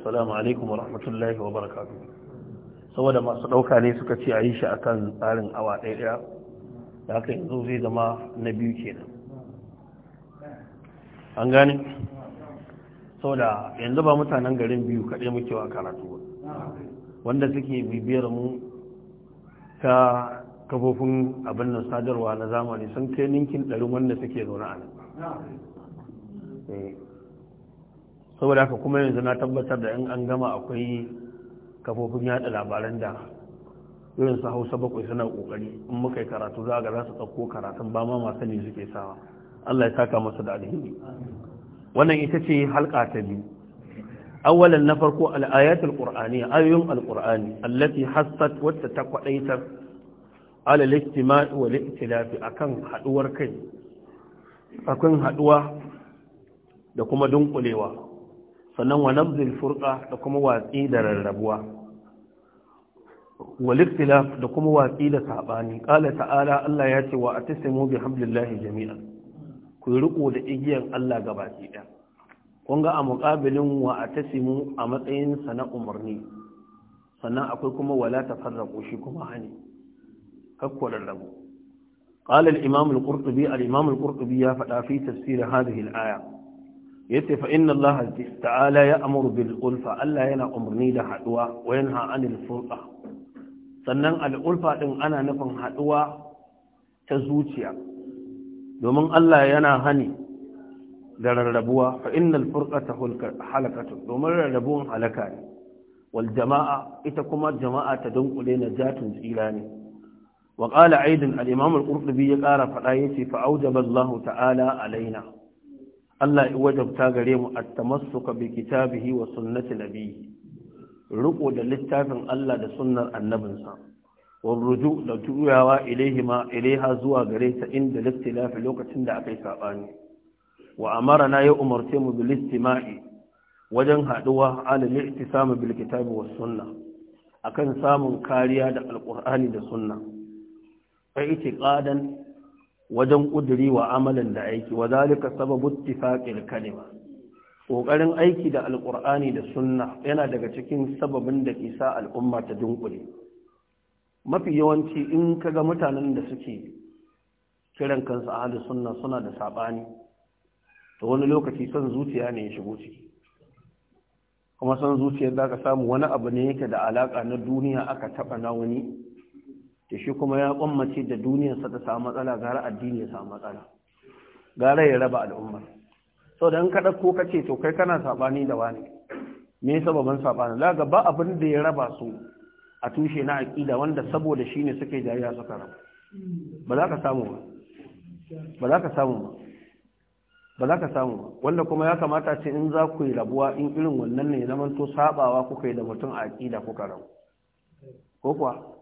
assalamu alaikum wa rahmatullahi wa barakatu saboda masu ɗauka ne suka ce a yi shi a kan tsarin awa ɗaya da haka yanzu zai zama na biyu kenan an gane saboda yanzu ba mutanen garin biyu kaɗai muke wa karatu ba wanda suke bibiyar mu ta kafofin abin nan sadarwa na zamani sun kai ninkin ɗarin wanda suke zaune a nan eh, saboda haka kuma yanzu na tabbatar da in an gama akwai kafofin yada labaran da irin su hausa bakwai suna kokari in muka yi karatu za ga za su ɗauko karatun ba ma masu ne suke sawa Allah ya saka masa da alheri wannan ita ce halka ta biyu awalan na farko al'ayatul qur'ani qur'aniyya ayoyin al-qur'ani allati hassat wata ta kwadaitar ala al wa wal akan haduwar kai akan haduwa da kuma dunkulewa sannan wa nabzil furqa da kuma watsi da rarrabuwa wal ikhtilaf da kuma watsi da sabani qala ta'ala Allah ya ce wa atasimu bihablillahi jami'an ku riko da igiyan Allah gabaki ɗaya kun ga a muqabilin wa atasimu a matsayin sa na umarni sannan akwai kuma wala tafarraqu shi kuma hani kakko rarrabu قال الإمام القرطبي الإمام القرطبي فدا في تفسير هذه الآية yace fa inna Allah ta'ala ya'muru bil ulfa Allah yana umarni da haduwa wa yanha anil furqa sannan al ulfa din ana nufin haduwa ta zuciya domin Allah yana hani da rarrabuwa fa innal furqata halakatu domin rarrabuwan halaka ne wal jama'a ita kuma jama'a ta dunkule na jatun tsira ne wa qala aidan al imam al qurtubi ya kara fada yace fa aujaballahu Allah ta'ala alaina Allah ya wajabta gare mu at-tamassuka bi kitabihi wa sunnati nabiyyi riko da littafin Allah da sunnar annabinsa wa ruju da tuyawa ilaihima ilaiha zuwa gare ta inda listilafi lokacin da akai sabani wa amara na ya umarce mu bil istima'i wajen haduwa ala al-ihtisam bil kitabi wa sunnah akan samun kariya da alqur'ani da sunna fa itiqadan wajen ƙuduri wa amalin da aiki wa zalika sababu tifaƙil kalima Ƙoƙarin aiki da Alƙur'ani da sunna yana daga cikin sababin da ke sa al'umma ta dunkule mafi yawanci in ka ga mutanen da suke kiran kansu ahlus sunna suna da saɓani. to wani lokaci son zuciya ne ya shigo ciki kuma son zuciyar za ka samu wani abu ne yake da alaƙa na duniya aka taɓa na wani da shi kuma ya kwammace da duniyarsa ta samu matsala gara addini ya samu matsala gara ya raba al'umma. sau da in ka ɗauko ka ce to kai kana saɓani da wani me sababan saɓani laga ba abin da ya raba su a tushe na aƙida wanda saboda shi ne suke jariya suka raba ba za ka samu ba ba za ka samu ba ba za ka samu ba wanda kuma ya kamata ce in za ku yi rabuwa in irin wannan ne zaman to saɓawa kuka yi da mutum a aƙida kuka rabu ko kuwa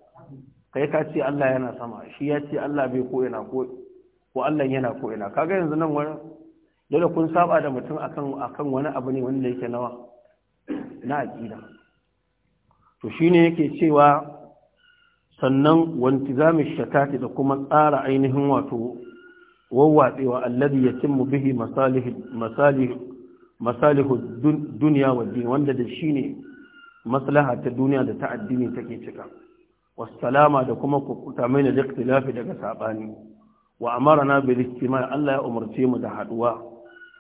kai ka ce Allah yana sama shi ya ce Allah bai ko ina ko ko Allah yana ko ina kaga yanzu nan wani dole kun saba da mutum akan akan wani abu ne wanda yake nawa na aqida to shine yake cewa sannan wantizami shatati da kuma tsara ainihin wato wawwatsewa alladhi yatimmu bihi masalih masalih masalihu duniya wa din wanda da shine maslaha ta duniya da ta addini take cika salama da kuma kukuta mai da ikhtilafi daga sabani wa na bil istima Allah ya umarce mu da haduwa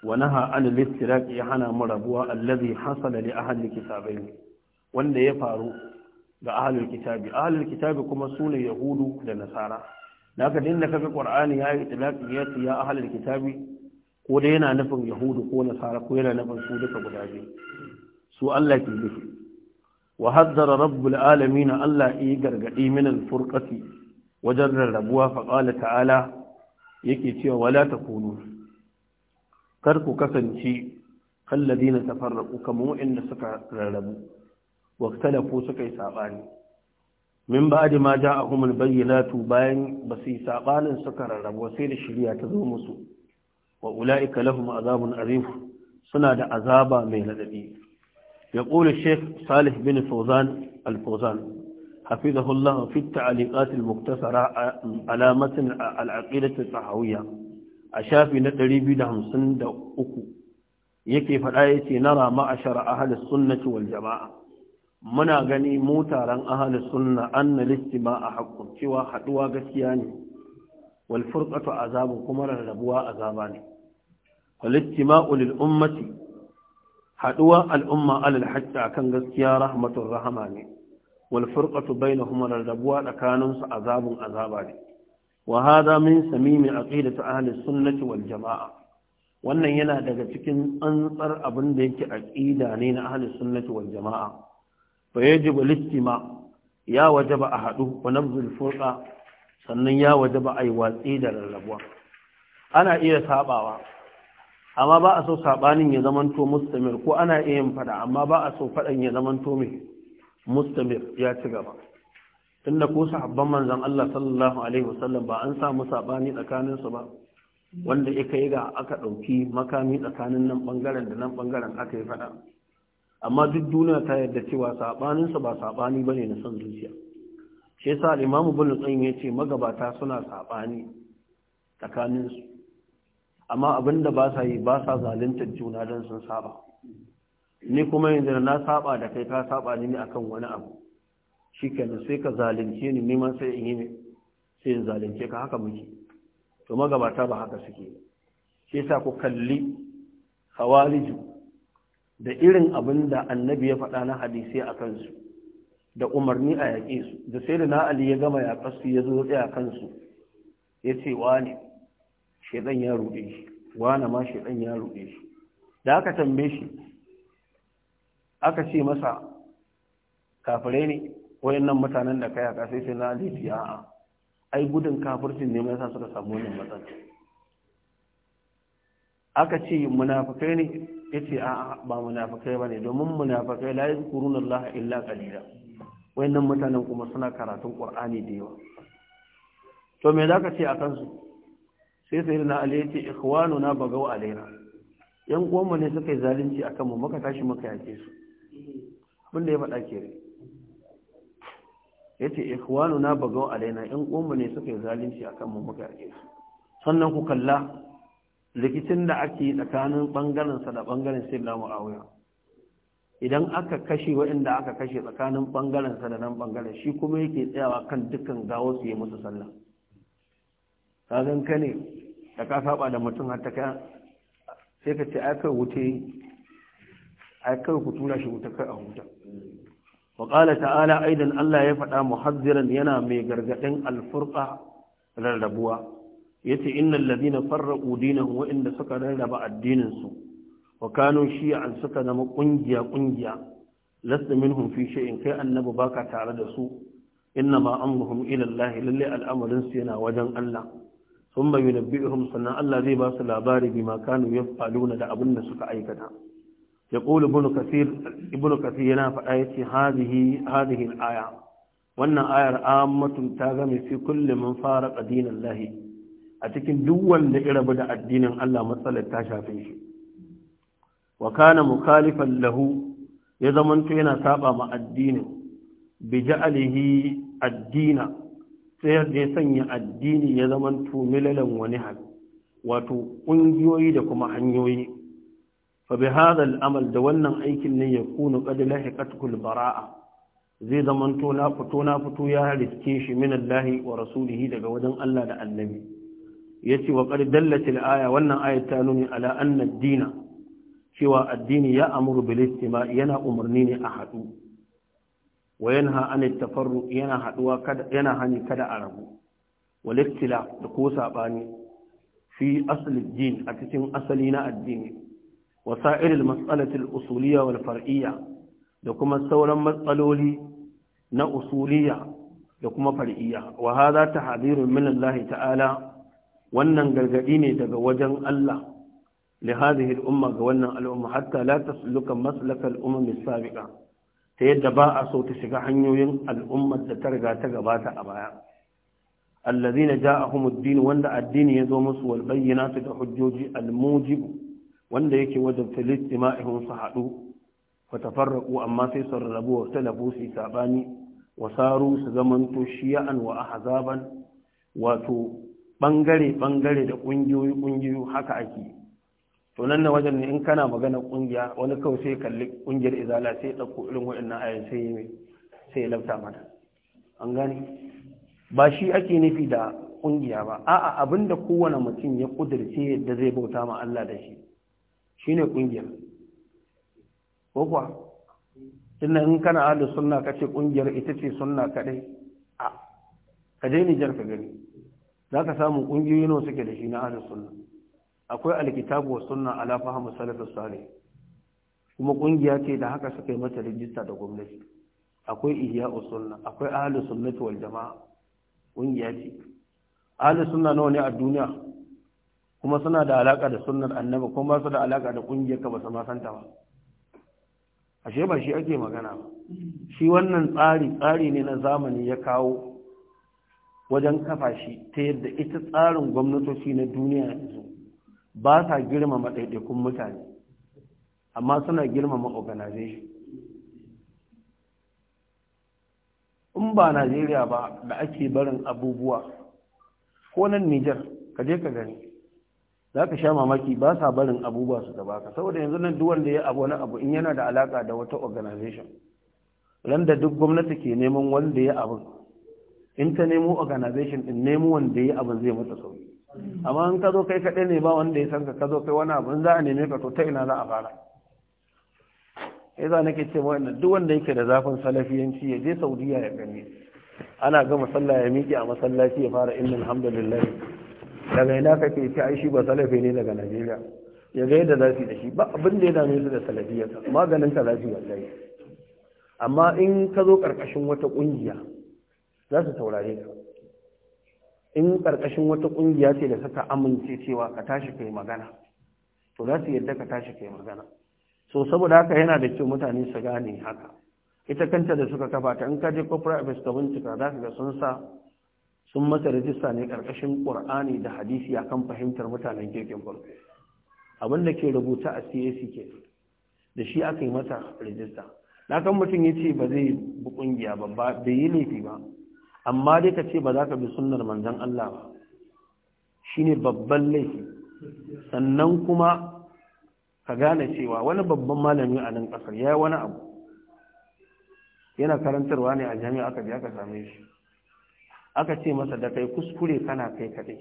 wa naha an al ya hana mu rabuwa allazi hasala li ahli kitabain wanda ya faru ga ahlul kitabi ahlul kitabi kuma sune yahudu da nasara da haka dinda kaga qur'ani ya yi itlaqi ya ya kitabi ko da yana nufin yahudu ko nasara ko yana nufin su duka guda biyu su Allah ke nufi wa haddara rabbul alamin Allah yi gargaɗi min furkaci wajen rarrabuwa fa qala ta'ala yake cewa wala takunu kar ku kasance kalladina tafarraqu kamar wa'anda suka rarrabu waktalafu suka yi sabani ja ba'di ma ja'ahumul bayyinatu bayan basu sabanin suka rarrabu sai da shirya ta zo musu wa ula'ika lahum azabun arif suna da azaba mai radadi يقول الشيخ صالح بن فوزان الفوزان حفظه الله في التعليقات المقتصرة على متن العقيدة الصحوية أشافي نتري بدهم سند أكو يكي فالآية نرى معشر أهل السنة والجماعة منا غني موتارا أهل السنة أن الاستماع حق سوى حدوى غسياني والفرقة عذاب كمر الربوى عذاباني فالاستماع للأمة haɗuwa al'umma alal a akan gaskiya rahmatun rahama ne wal furqatu kuma rarrabuwa tsakanin su azabun azaba ne wa hada min samimi ta ahli sunnati wal jamaa wannan yana daga cikin tsantsar abin da yake aqida ne na ahli sunnati wal jamaa fa yajibu listima ya ba a haɗu wa nabzul furqa sannan ya wajaba yi watsi da rarrabuwa ana iya sabawa amma ba a so sabanin ya zamanto mustamir ko ana iya yin fada amma ba a so faɗan ya zamanto mai mustamir ya ci gaba tunda ko sahabban manzon Allah sallallahu alaihi wasallam ba an samu sabani tsakanin su ba wanda ya kai ga aka ɗauki makami tsakanin nan bangaren da nan bangaren aka yi fada amma duk duniya ta yarda cewa sabanin su ba sabani bane na son zuciya shi yasa al bin Ibn Qayyim yace magabata suna sabani tsakanin su amma abin da ba sa yi ba sa zaluntar juna don sun saba ni kuma yanzu na saba da kai ka saba ni akan wani abu shi kenan sai ka zalunce ni neman sai in yi ne sai in zalunce ka haka muke to magabata ba haka suke shi sa ku kalli hawaliju da irin abin da annabi ya faɗa na hadisi a kansu da umarni a yaƙe su da sai da na ali ya gama yaƙarsu ya zo tsaya kansu ya ce wa ne shaidan ya ruɗe shi wane ma shaidan ya ruɗe shi da aka tambaye shi aka ce masa kafirai ne wayannan mutanen da kai aka sai sai na ya a'a ai gudun kafircin ne mai sa suka samu wannan matsala aka ce munafikai ne ce a'a ba munafikai ne, domin munafikai la kurun Allah illa qalila wayannan mutanen kuma suna karatun ƙwar'ani da yawa to me ka ce a kansu? sai sai na ali na, na bagaw alaina yan uwanmu ne suka yi zalunci akan mu muka tashi muka yake su abin da ya faɗa ke yace na bagaw alaina yan uwanmu ne suka yi zalunci akan mu muka yake su sannan ku kalla rikicin da ake tsakanin bangaren sa da bangaren sayyidina muawiya idan aka kashe waɗanda aka kashe tsakanin ɓangarensa da nan ɓangaren shi kuma yake tsayawa kan dukkan su yi musu sallah ka gan ka ne da ka saba da mutum har ta ka sai ka ce ai wuce ai kai ku tura shi wuta kai a huta wa ta'ala aidan Allah ya faɗa muhazziran yana mai gargadin alfurqa rarrabuwa yace innal ladina farraqu dinahum wa inda suka rarraba addinin su wa shi an suka zama kungiya kungiya lasta hunfi fi in kai annabu baka tare da su inna ma amruhum ila Allah lalle yana wajen Allah sun bayu na bi'ihum sannan Allah zai ba su labari bi ma kanu ya falu da abin da suka aikata ya ƙulu ibnu kasir yana faɗa ya ce hadihi aya wannan ayar ammatun ta game fi kulle mun fara ƙadinan lahi a cikin duk wanda ira da addinin Allah matsalar ta shafe shi Wakana kana mukhalifan lahu ya zamanto yana saba ma addinin bi ja'alihi addina sai da ya sanya addini ya zamanto milalan wani hali wato ƙungiyoyi da kuma hanyoyi fa bi hadha amal da wannan aikin ne yakunu qad lahiqat kul bara'a zai zamanto na fito na fito ya riske shi min Allah wa rasulihi daga wajen Allah da annabi yace wa qad dallat al-aya wannan ayat ta nuni ala anna ad-dina cewa addini ya amuru bil istima yana umarni ne a haɗu Wayan yanha an tafarru yana yana hani kada a rabu walittila da ko saɓani fi asl din a cikin asali na addini wa sa'ir al mas'alati wal far'iyya da kuma sauran matsaloli na usuliya da kuma far'iyya wa hadha tahdhirun min Allah ta'ala wannan gargadi ne daga wajen Allah li hadhihi al umma ga wannan al umma hatta la tasluka maslakal umam as-sabiqa ta yadda ba a so ta shiga hanyoyin al'ummar da ta riga ta gabata a baya allazina ja ad-din wanda addini ya zo musu wal da hujjoji al wanda yake wajabta lijtima'ihum su haɗu fa tafarraqu amma sai sun rabu wa talabu su sabani wa saru su zamanto shi'an wa ahzaban wato bangare bangare da ƙungiyoyi ƙungiyoyi haka ake to nan wajen ne in kana magana kungiya wani kawai sai kalli kungiyar izala sai ya ɗauko irin waɗannan ayan sai ya sai ya lafta mata an gane ba shi ake nufi da kungiya ba a'a abinda kowane mutum ya kudirce yadda zai bauta ma Allah da shi shine kungiya ko kuwa inna in kana ahlus sunna kace kungiyar ita ce sunna kadai a ka je ni ka gani zaka samu kungiyoyi nawa suke da shi na ahlus sunna akwai alkitabu wa sunna ala fahimu salafin salih kuma kungiya ce da haka suka yi mata rijista da gwamnati akwai ihya sunna akwai ahlu sunnati wal jamaa kungiya ce ahlu sunna nawa ne a duniya kuma suna da alaka da sunnar annabi kuma ba su da alaka da kungiyar ka ba su ma santa ba ashe ba shi ake magana ba shi wannan tsari tsari ne na zamani ya kawo wajen kafa shi ta yadda ita tsarin gwamnatoci na duniya yanzu ba sa girmama ɗaiɗaikun mutane amma suna girmama organization in ba najeriya ba da ake barin abubuwa ko nan nijar ka je ka gani za ka sha mamaki ba sa barin abubuwa su gaba ka saboda yanzu nan duk wanda ya abu wani abu in yana da alaka da wata organization ran da duk gwamnati ke neman wanda ya abu in ta nemo organization din nemo wanda ya abu zai mata sauki amma in ka zo kai kaɗai ne ba wanda ya san ka ka zo kai wani abin za a neme ka to ta ina za a fara yasa nake ce wa'annan duk wanda yake da zafin salafiyanci ya je saudiya ya gani ana gama sallah ya miƙe a masallaci ya fara inna alhamdulillah daga ina kake ce ai shi ba salafi ne daga najeriya ya ga yadda zafi da shi ba abin da ya dame su da salafiyar maganin ka zafi wallahi amma in ka zo ƙarƙashin wata kungiya za su saurare ka in ƙarƙashin wata ƙungiya ce da suka amince cewa ka tashi kai magana to za su yadda ka tashi kai magana so saboda haka yana da kyau mutane su gane haka ita kanta da suka kafa ta in ka je corporate affairs ka bincika za ka ga sun sa sun masa rajista ne ƙarƙashin ƙur'ani da hadisi akan fahimtar mutanen kirkin farko abin da ke rubuta a CAC ke da shi aka yi mata rajista na kan mutum ya ce ba zai bi ƙungiya ba bai yi laifi ba amma dai ka ce ba za ka bi sunnar manzan Allah ba shine babban laifi sannan kuma ka gane cewa wani babban malami a nan kasar ya yi wani abu yana karantarwa ne a jami'a aka biya ka same shi aka ce masa da kai kuskure kana kai kaɗai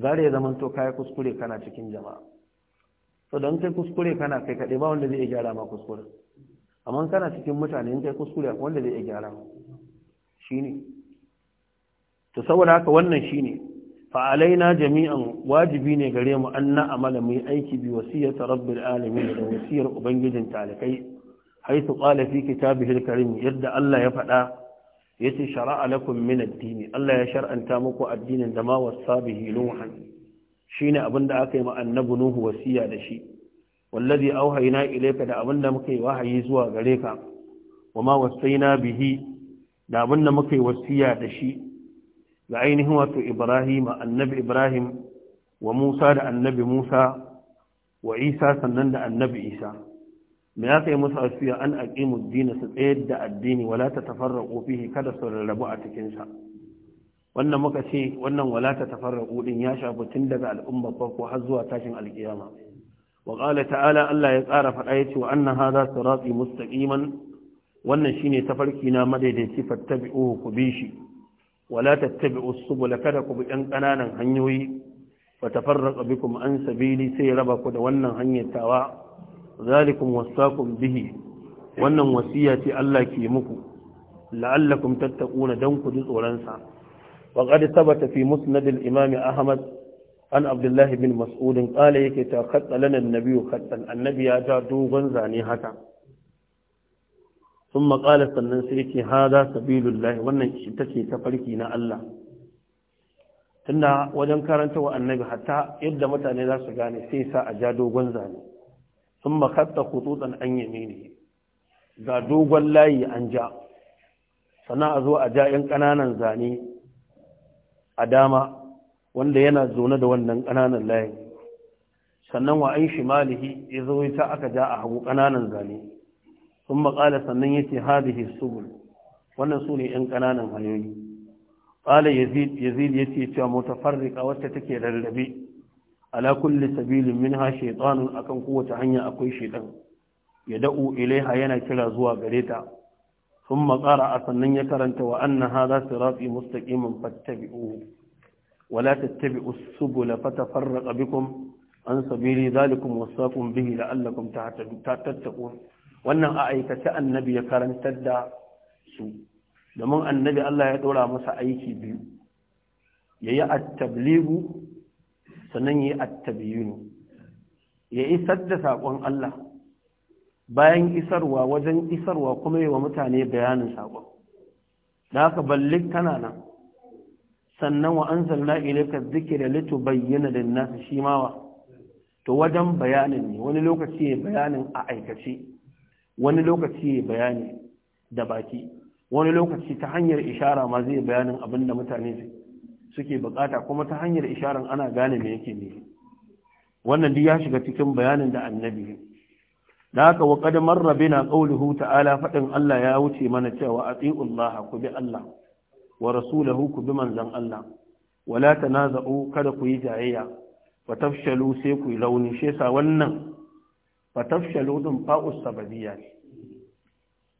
gare ya zamanto kayi kuskure kana cikin jama'a to don kai kuskure kana kai kaɗai ba wanda zai iya gyara ma kuskure amma kana cikin mutane in kai kuskure wanda zai iya gyara ma shine Ta saboda haka wannan shine fa alaina jami'an wajibi ne gare mu an na'amala mu aiki bi wasiyata rabbil alamin da wasiyar ubangijin talikai. haythu qala fi kitabihi al-karim yadda Allah ya faɗa yace shar'a lakum min ad-din Allah ya shar'anta muku addinin da ma wasa Shi ne abin abinda aka yi ma annabi nuhu wasiya da shi wallazi auhayna ilayka da abinda muka yi wahayi zuwa gare ka wama wasaina bihi da abinda muka yi wasiya da shi Ga ainihin wato Ibrahim annabi Ibrahim wa Musa da annabi Musa wa Isa sannan da annabi Isa me ya kai musu asiya an aqimu muddina su tsayar da addini wala ta tafarraqu fihi kada su rarrabu a cikin sa wannan muka ce wannan wala ta tafarraqu din ya shafi tun daga al'umma farko har zuwa tashin alkiyama wa qala ta'ala Allah ya tsara ya ce wa anna hadha sirati mustaqiman wannan shine tafarki na madaidaici fattabi'uhu ku bi shi wala tattabi'us subula kada ku bi 'yan ƙananan hanyoyi wa farraka bikum an sabili sai raba ku da wannan hanyar tawa zalikum wasaqum bihi wannan wasiya ce Allah ke muku la'allakum tattaquna dan ku ji tsoron sa wa qad thabata fi musnad al-imam ahmad an abdullah bin mas'ud qala yake ta khatta lana an-nabiy annabi ya ta dogon zane haka sun maƙala sannan sai ce bi sabilullah wannan ta ce tafarki na Allah tunda wajen karanta wa annabi hatta yadda mutane za su gane sai sa a ja dogon zane sun makatta kututsan an ne ga dogon layi an ja sannan a zo a ja 'yan ƙananan zane a dama wanda yana zaune da wannan ƙananan layi. sannan wa an malihi ya zo ta aka ja a hagu ƙananan zane sun maƙala sannan ya ce hadihi subul wannan su ne ‘yan ƙananan hanyoyi ƙala yazid ya ce cewa mutafarrika wacce take rarrabe ala kulli sabilin min ha akan kowace hanya akwai shaitan ya da'u ilaiha yana kira zuwa gare ta sun maƙara a sannan ya karanta wa anna hada sirati mustaqimin fattabi'uhu ولا تتبعوا السبل فتفرق بكم عن سبيل ذلكم وصاكم به لعلكم تتقون wannan a aikace annabi ya karantar da su domin annabi Allah ya ɗora masa aiki biyu ya yi attabligu sannan ya yi attabiyunu ya isar da saƙon Allah bayan isarwa wajen isarwa kuma yi wa mutane bayanin saƙon da ka ballik tana nan sannan wa an zalna ilaka zikira litu bayyana da nasu shi to wajen bayanin ne wani lokaci ne bayanin a aikace wani lokaci bayani da baki wani lokaci ta hanyar ishara ma zai bayanin abin da mutane suke bukata kuma ta hanyar isharar ana gane me yake ne wannan duk ya shiga cikin bayanin da annabi da haka wa kad marra bina qawluhu ta'ala fadin Allah ya wuce mana cewa Allah ku bi Allah wa rasulahu ku bi manzon Allah wala tanaza'u kada ku yi jayayya wa tafshalu sai ku yi launi shesa wannan fatafshalo din fa'us sababiyya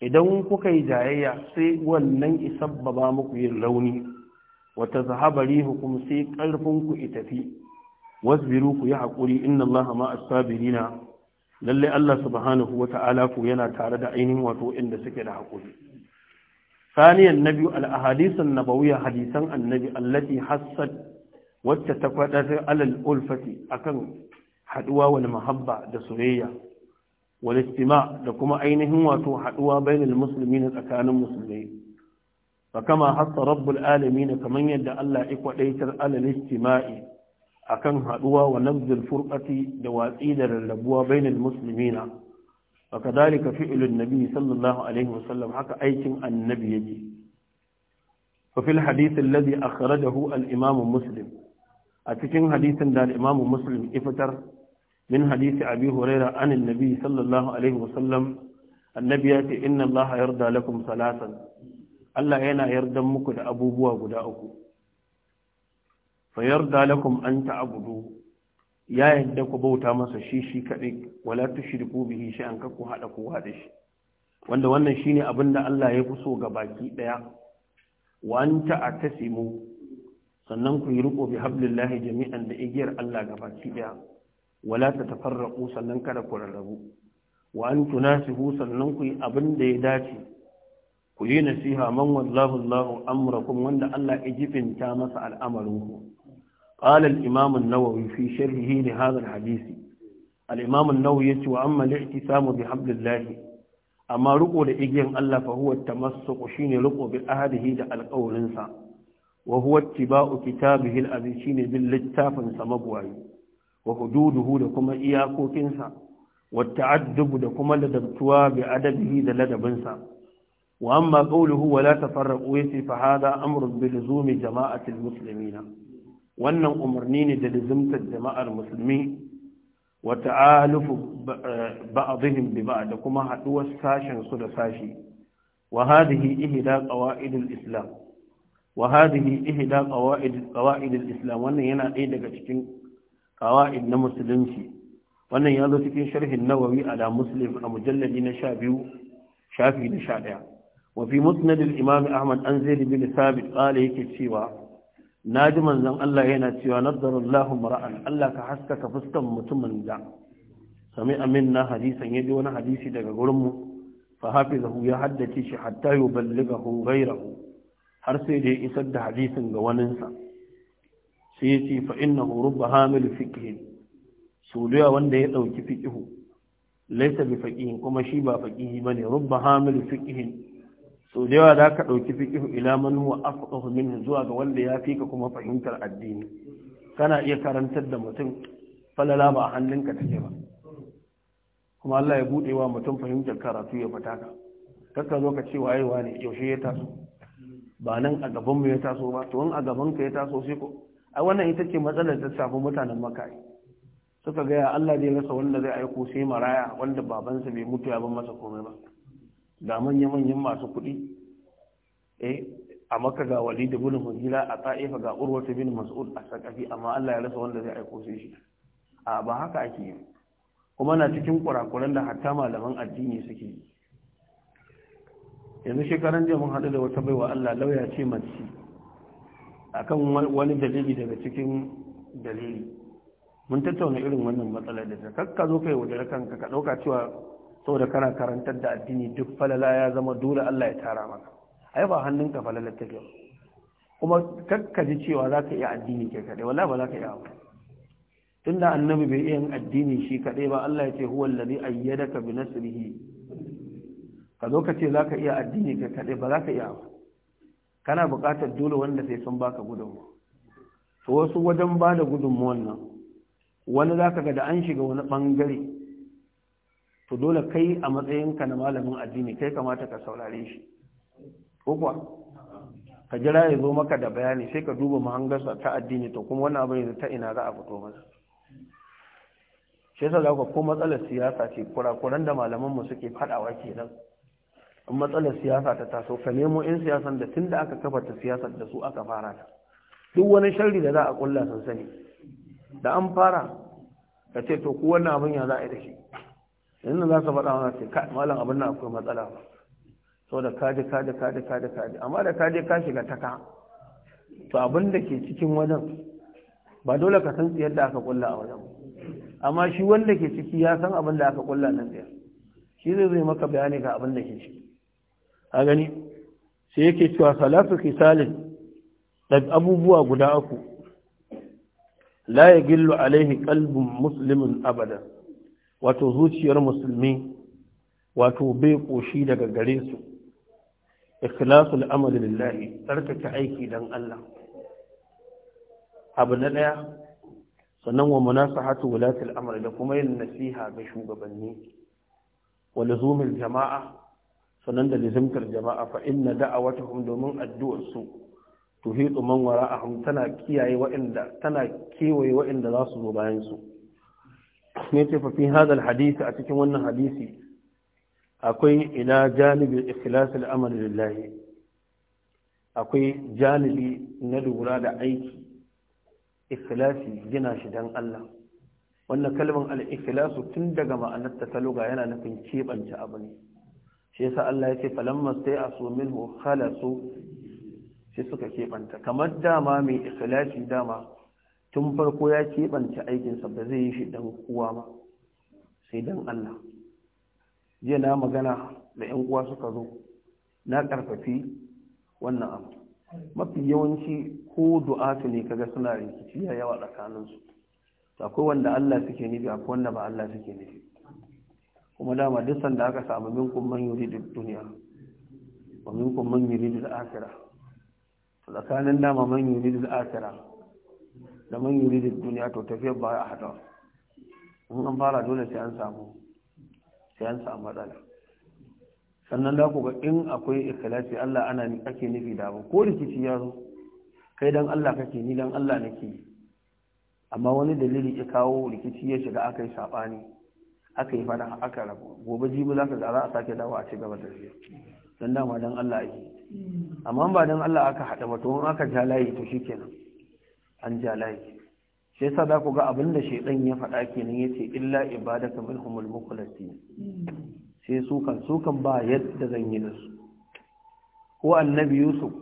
idan kuka yi jayayya sai wannan isabbaba muku yin rauni wata zahabari hukum sai karfin ku tafi wasbiru ku yi haƙuri inna Allah ma as Lallai lalle Allah subhanahu wa ta'ala ku yana tare da ainihin wato inda suke da haƙuri saniyan nabi al-ahadith an hadisan annabi allati Hassan, wacce ta kwada alal ulfati akan haɗuwa wal mahabba da soyayya wal istima da kuma ainihin wato haɗuwa bainal na tsakanin musulmai fa kama hatta rabbul alamin kamar yadda Allah ya kwadaitar alal istima'i akan haɗuwa wa nabzul furqati da watsi da rarrabuwa bainal muslimina wa kadhalika fi'lun nabi sallallahu alaihi sallam haka aikin annabi yake ففي الحديث الذي أخرجه a cikin hadisin da دا الإمام مسلم ifitar. من حديث أبي هريرة عن النبي صلى الله عليه وسلم النبي يأتي إن الله يرضى لكم ثلاثا الله ينا يرضى مكد أبو بوا قداؤكم فيرضى لكم أن تعبدوا يا يدك بوتا مسا شي شي كدك ولا تشركوا به شيئا ككو هذا كو هذا شي wanda wannan shine abin da Allah ya fi so ga baki daya wa anta atasimu sannan ku yi riko bi hablillahi jami'an da igiyar Allah ga baki daya wala ta tafarraku sannan kada ku rarrabu wa an tunasihu sannan ku yi abin da ya dace ku yi nasiha man wallahu Allahu amrakum wanda Allah ya jifinta masa al'amarinku qala al-imam an-nawawi fi sharhihi li hadha al-hadith al-imam an-nawawi yace wa amma al-ihtisamu bi hablillah amma riƙo da igiyan Allah fa huwa tamassuku shine riko bi ahadihi da alƙawarinsa wa huwa ittiba'u kitabihi al shine bin littafinsa sa mabwayi wa hududuhu da kuma iyakokinsa wa ta'addubu da kuma ladabtuwa bi adabihi da ladabinsa wa amma qawluhu wa la tafarraqu yasi fa hada amrun bi luzumi jama'atil muslimina wannan umarni ne da luzumtar jama'ar musulmi wa ta'alufu eh, ba'dihim bi ba'd da kuma haduwar sashin su da sashi wa hadhihi ihda qawaidul islam wa hadhihi ihda qawaid islam wannan yana ɗaya daga cikin qawaid na musulunci wannan ya zo cikin sharhin nawawi ala muslim a mujallari na sha biyu shafi na sha ɗaya wa fi musnad ahmad an zaid bin sabit qala yake cewa naji manzon Allah yana cewa nadarallahu mar'an Allah ka haskaka fuskan mutumin da sami aminna hadisan ji wani hadisi daga gurin mu fa hafizahu ya haddace shi hatta yuballighahu ghayrahu har sai da ya isar da hadisin ga waninsa sai ya ce fa inna rubba hamilu fiqhin su da wanda ya dauki fiqhu laysa bi kuma shi ba ba bane rubba hamilu fiqhin su da ka zaka dauki ila man huwa afqahu minhu zuwa ga wanda ya fika kuma fahimtar addini kana iya karantar da mutum falala ba a hannunka take ba kuma Allah ya bude wa mutum fahimtar karatu ya fita ka kakka zo ka ce waye wane yaushe ya taso ba nan a mu ya taso ba to in a ka ya taso sai ko a wannan ita ce matsalar ta samu mutanen maka suka gaya Allah zai rasa wanda zai aiko sai maraya wanda babansa bai mutu ya ban masa komai ba ga manya-manyan masu kuɗi eh, a maka ga Wali da ibn mughira a ta'ifa ga urwa bin mas'ud a sakafi amma Allah ya rasa wanda zai aiko sai shi a ba haka ake yi kuma na cikin kurakuran da hatta malaman addini suke yi yanzu shekaran jiya mun haɗu da wata baiwa Allah lauya ce mace akan wani dalili daga cikin dalili mun tattauna irin wannan matsalar da kakka zo kai wajen kanka ka ɗauka cewa saboda kana karantar da addini duk falala ya zama dole Allah ya tara maka ai ba hannunka falalar take ba kuma kakka ji cewa za ka iya addini ke kaɗai wala ba za ka iya ba tunda annabi bai iya addini shi kaɗai ba Allah ya ce huwa allazi ayyadaka bi nasrihi ka zo ka ce za ka iya addini ke kaɗai ba za ka iya ba kana buƙatar dole wanda sai sun baka gudunmu to wasu wajen ba da gudunmuwan nan wani za ka ga da an shiga wani bangare? to dole kai a matsayinka na malamin addini kai kamata ka saurare shi ko kuwa ka jira ya zo maka da bayani sai ka duba mahangarsa ta addini to kuma wannan abin ta ina za a fito masa shi yasa za ku ko matsalar siyasa ce kurakuran da malaman mu suke faɗawa kenan matsalar siyasa ta taso ka nemo 'yan siyasan da tun da aka kafa ta siyasar da su aka fara ta duk wani sharri da za a kulla sun sani da an fara ka ce to kuwa na abin ya za a yi da shi za su faɗa wani ce malam abin na akwai matsala ba da kaji kaji kaji kaji kaji amma da kaji ka shiga taka to abin da ke cikin wajen ba dole ka san tsayar da aka kulla a wajen amma shi wanda ke ciki ya san abin da aka kulla nan tsayar shi zai zai maka bayani ga abin da ke ciki a gani sai yake cewa salatu kisalin daga abubuwa guda uku la ya gillu alaihi kalbin musulmin abada wato zuciyar musulmi wato bai koshi daga gare su ikhlasul amali lillahi tsarkake aiki don Allah abu na ɗaya sannan wa munasahatu wulatul amr da kuma yin nasiha ga shugabanni wa lazumil jama'a sannan da lizimtar jama'a fa inna da'awatuhum domin addu'ar su tuhitu man wara'ahum tana kiyaye wa'inda tana kewaye wa'inda za su zo bayan su ne ce fa fi hadal hadisi a cikin wannan hadisi akwai ila janibi ikhlas al-amal akwai janibi na lura da aiki ikhlasi gina shi dan Allah wannan kalmar al-ikhlasu tun daga ma'anar ta yana nufin kebance abu ne shi yasa Allah ya ce falamma sai asu minhu khalasu sai suka kebanta kamar dama mai ikhlasi dama tun farko ya kebanta aikinsa ba zai yi shi dan kowa ba sai dan Allah jiya na magana da yan uwa suka zo na karfafi wannan abu mafi yawanci ko du'atu ne kaga suna rikici yawa tsakaninsu akwai wanda Allah suke nufi akwai wanda ba Allah suke nufi kuma dama duk sanda aka samu minkun man da duniya wa minkum man yuri da akira to tsakanin dama man yuri da akira da man da duniya to tafiyar ba a hada in an fara dole sai an samu sai an samu matsala sannan da ku ga in akwai ikhlasi Allah ana ake nufi da ba ko rikici ya zo kai dan Allah kake ni dan Allah nake amma wani dalili ya kawo rikici ya shiga akai sabani aka yi fada aka rabu gobe jibi za ka ga za a sake dawo a ci gaba da tafiya Don dama don Allah ake amma ba don Allah aka haɗa ba to in aka ja layi to shikenan an ja layi sai yasa za ku ga abin da shaidan ya faɗa kenan ya ce illa ibadaka minhumul mukhlasin sai su kan su kan ba yadda zan yi da su ko annabi yusuf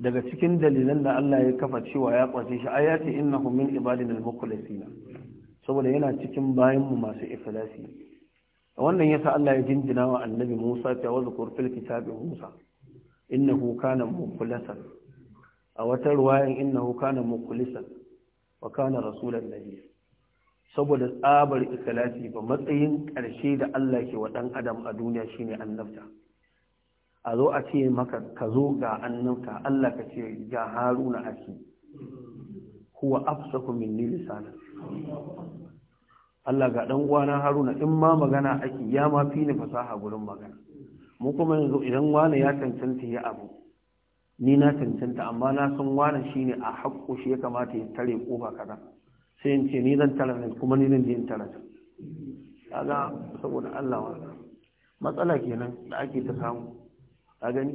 daga cikin dalilan da Allah ya kafa cewa ya kwace shi ayati innahu min al mukhlasin saboda yana cikin bayanmu masu ikhlasi wannan yasa Allah ya jinjina wa annabi Musa ta wa zukur kitabin kitabi Musa innahu kana mukhlisan a wata ruwayan innahu kana mukhlisan wa kana rasulan nabi saboda tsabar ikhlasi ba matsayin ƙarshe da Allah ke wa dan adam a duniya shine annabta a zo a ce maka ka zo ga annabta Allah ka ce ga Haruna aki huwa afsahu minni lisanan Allah ga ɗan gwana Haruna in ma magana ake ya ma fi ni fasaha gurin magana mu kuma yanzu idan wani ya cancanta ya abu ni na cancanta amma na san wani shine a haƙƙo shi ya kamata ya tare kofa kaza sai in ce ni zan tara ne kuma ni zan je in tara ta kaga saboda Allah wa matsala kenan da ake ta samu a gani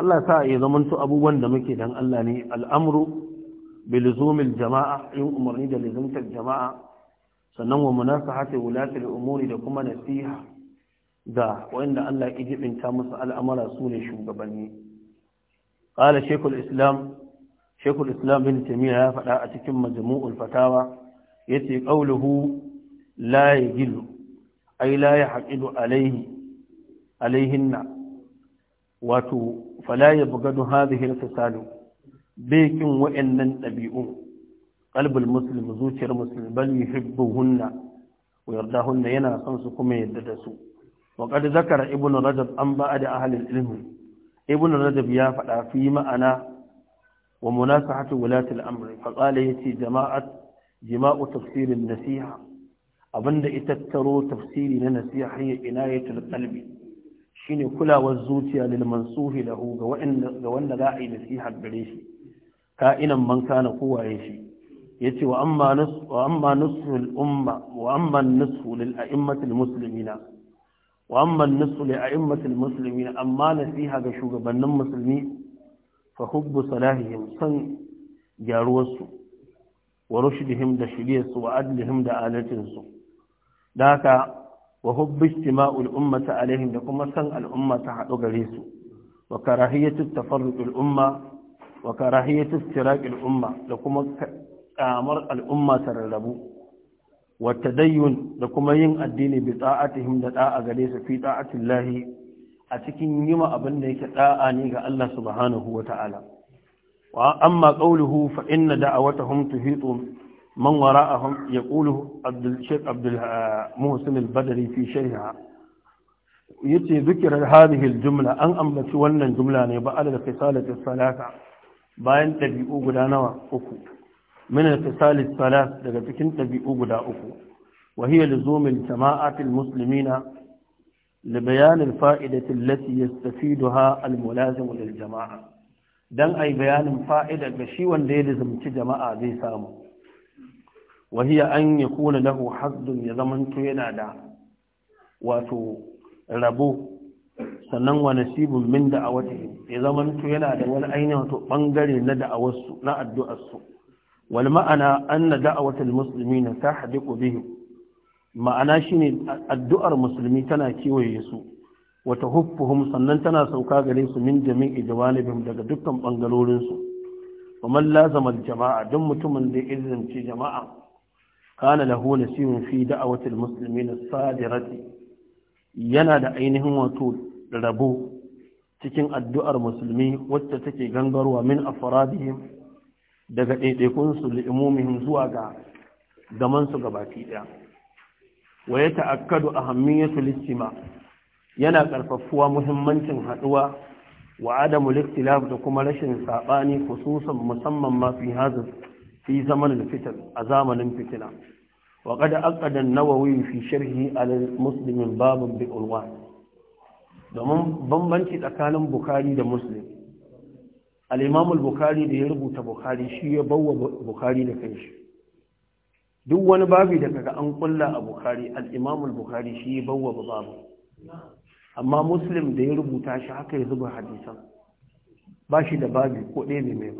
Allah sa ya zamanto abubuwan da muke dan Allah ne al'amru bilzumil jama'a yin umarni da lizamtar jama'a sannan wa munasahati wulatul umuri da kuma nasiha da wanda Allah ya jibinta musu al'amara su ne shugabanni qala shaykhul islam bin tamiya ya faɗa a cikin majmu'ul fatawa yace qawluhu la yajilu ay la yahqidu alayhi alayhinna wato fala yabgadu hadhihi al-fisalu bai kin wa'annan ɗabi'un qalbul muslim zuciyar muslim bal yuhibbuhunna wa yardahunna yana son su kuma yadda da su wa qad zakara ibn rajab an ba'a da ahli ilmi ibn rajab ya faɗa fi ma'ana wa munasahatu wulati al-amr fa qala yati jama'at jima'u tafsir an-nasiha abinda ita taro tafsiri na nasiha hiya inayatul qalbi shine kulawar zuciya lil mansuhi lahu ga wanda za a yi nasiha gare shi ka'inan man kana kowaye shi ya wa amma nus wa amma nusul umma wa amma nusul lil a'immatil wa amma nusul lil a'immatil amma nasiha ga shugabannin musulmi fa hubbu salahihim san gyaruwarsu wa rushdihim da shiriyarsu wa adlihim da da haka wa hubbu istima'ul ummata alaihim da kuma san al'umma ta haɗu gare su wa karahiyatu tafarruqul umma wa karahiyatu istiraqil umma da kuma kamar al'umma ta rarrabu wa tadayyun da kuma yin addini bi ta'atihim da da'a gare su fi ta'atillahi a cikin yima abin da yake da'a ne ga Allah subhanahu wa ta'ala wa amma qawluhu fa inna da'awatahum tuhitu man wara'ahum yaqulu Abdul Sheikh Abdul ah, Muhsin al-Badri fi sharhiha yace zikirar hadhihi al-jumla an ambaci wannan jumla ne ba alal khisalati salata bayan ɗabi'u guda nawa uku minar fisalis salas daga cikin ɗabi'u guda uku wahiyar lizomin jama'atul musulmina da bayanin fa'idatin lati ya tafi duha almulazimu da jama'a don a yi bayanin fa'ida ga shi wanda ya lizumci jama'a zai samu wahiyar an ya kuna lahu hasdun ya zamanto yana da wato rabo sannan wa nasibun min da'awati ya zaman to yana da wani ainihin to bangare na da'awarsu na addu'arsu wal ma'ana anna da'awatul ta hadiku bihim ma'ana shine addu'ar musulmi tana kewaye su wata huffuhum sannan tana sauka gare su min jami'i jawanibim daga dukkan bangarorin su kamar lazama jama'a don mutumin da ya izinci jama'a kana lahu nasibun fi da'awatul muslimin sadirati yana da ainihin wato rabo cikin addu'ar musulmi wacce take gangarwa min afradihim daga ɗaiɗaikun su zuwa ga gaman gabaki ɗaya wa ya ta'akkadu ahammiyatu listima yana ƙarfafuwa muhimmancin haɗuwa wa adamu liktilaf da kuma rashin saɓani khususan musamman mafi fi hazin fi zamanin fitar a zamanin fitina wa akadan aqada nawawi fi sharhi al-muslimin babun bi'ulwa domin bambanci tsakanin bukari da muslim al'imamul bukari da ya rubuta bukari shi ya bawa bukari da kai shi duk wani babi da kaga an kulla a bukari al'imamul bukari shi ya bawa babu amma muslim da ya rubuta shi haka ya zuba hadisan ba shi da babi ko ɗaya ne mai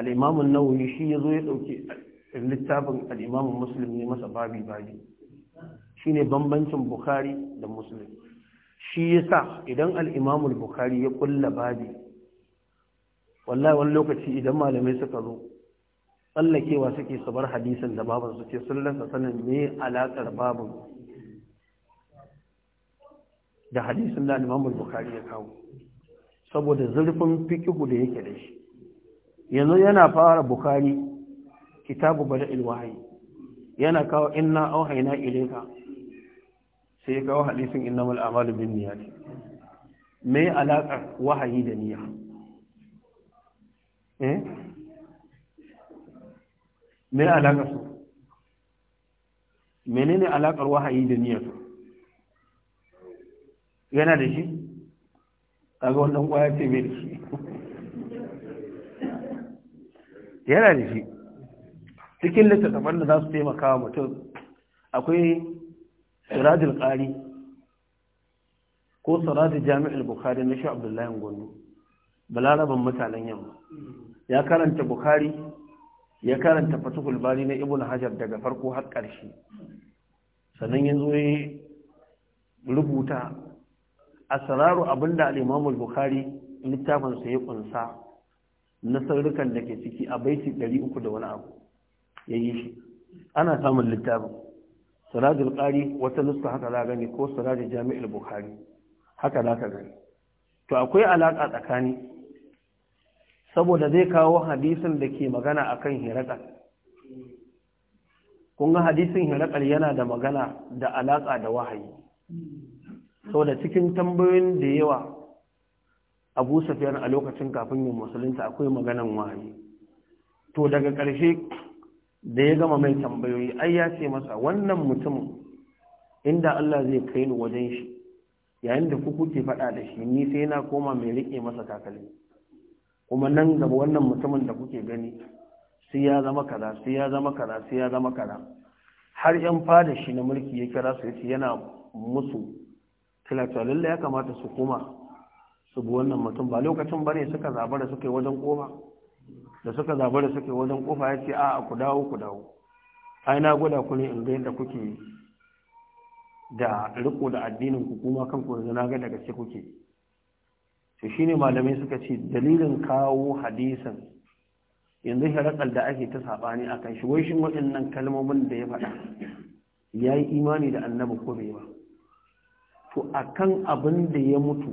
al'imamun nauyi shi ya zo ya ɗauki littafin al'imamun muslim ne masa babi babi shi ne bambancin bukari da muslim shi yasa idan Al'imamul bukari ya kulla babi wallahi wani lokaci idan malamai suka zo tsallakewa suke su bar da babin su ce sun sanin me alaƙar babin da hadisin da Al'imamul bukari ya kawo saboda zurfin fikihu da yake da shi yanzu yana fara Bukhari kitabu bada ilwahi yana kawo inna auhaina ilayka sai ya kawo hadisin innamal a'malu bin niyyati me alaka wahayi da niyya eh me alaka su menene alaƙar wahayi da niyya su yana da shi kaga wannan kwaya ce bai da shi yana da shi cikin littattafan da za su taimaka wa mutum akwai siradul ko siradul jami'ul bukhari na shi abdullahi gondo balaraban mutanen yamma ya karanta bukhari ya karanta fatihul bari na ibn hajar daga farko har ƙarshe sannan yanzu ya rubuta Sararu abinda alimamul imamul bukhari littafin ya kunsa sarrukan da ke ciki a baiti 300 da wani abu yayi shi ana samun littafin sanadul qari wata nuska haka za gani ko sanadul jami'ul bukhari haka za ka gani to akwai alaka tsakani saboda zai kawo hadisin da ke magana akan hirakal kun ga hadisin hirakal yana da magana da alaƙa da wahayi saboda cikin tambayoyin da yawa abu safiyar a lokacin kafin yin musulunta akwai maganan wahayi to daga ƙarshe da ya gama mai tambayoyi ai ya ce masa wannan mutum inda Allah zai kai ni wajen shi yayin da ku kuke faɗa da shi ni sai na koma mai riƙe masa takalmi kuma nan gaba wannan mutumin da kuke gani sai ya zama kaza sai ya zama kaza sai ya zama kaza har yan fada shi na mulki ya kira su yace yana musu tilatuwa lalle ya kamata su koma su bi wannan mutum ba lokacin bane suka zaba da suka yi wajen koma da suka da suke wajen kofa ya ce a ku dawo ku dawo ai na gwada ku ne in ga yadda kuke da riko da addinin ku kuma kan ku na ga daga ce kuke to shine malamai suka ce dalilin kawo hadisin yanzu sharaƙar da ake ta sabani akan shi wai shin waɗannan kalmomin da ya faɗa yayi imani da annabi ko bai ba to akan abin da ya mutu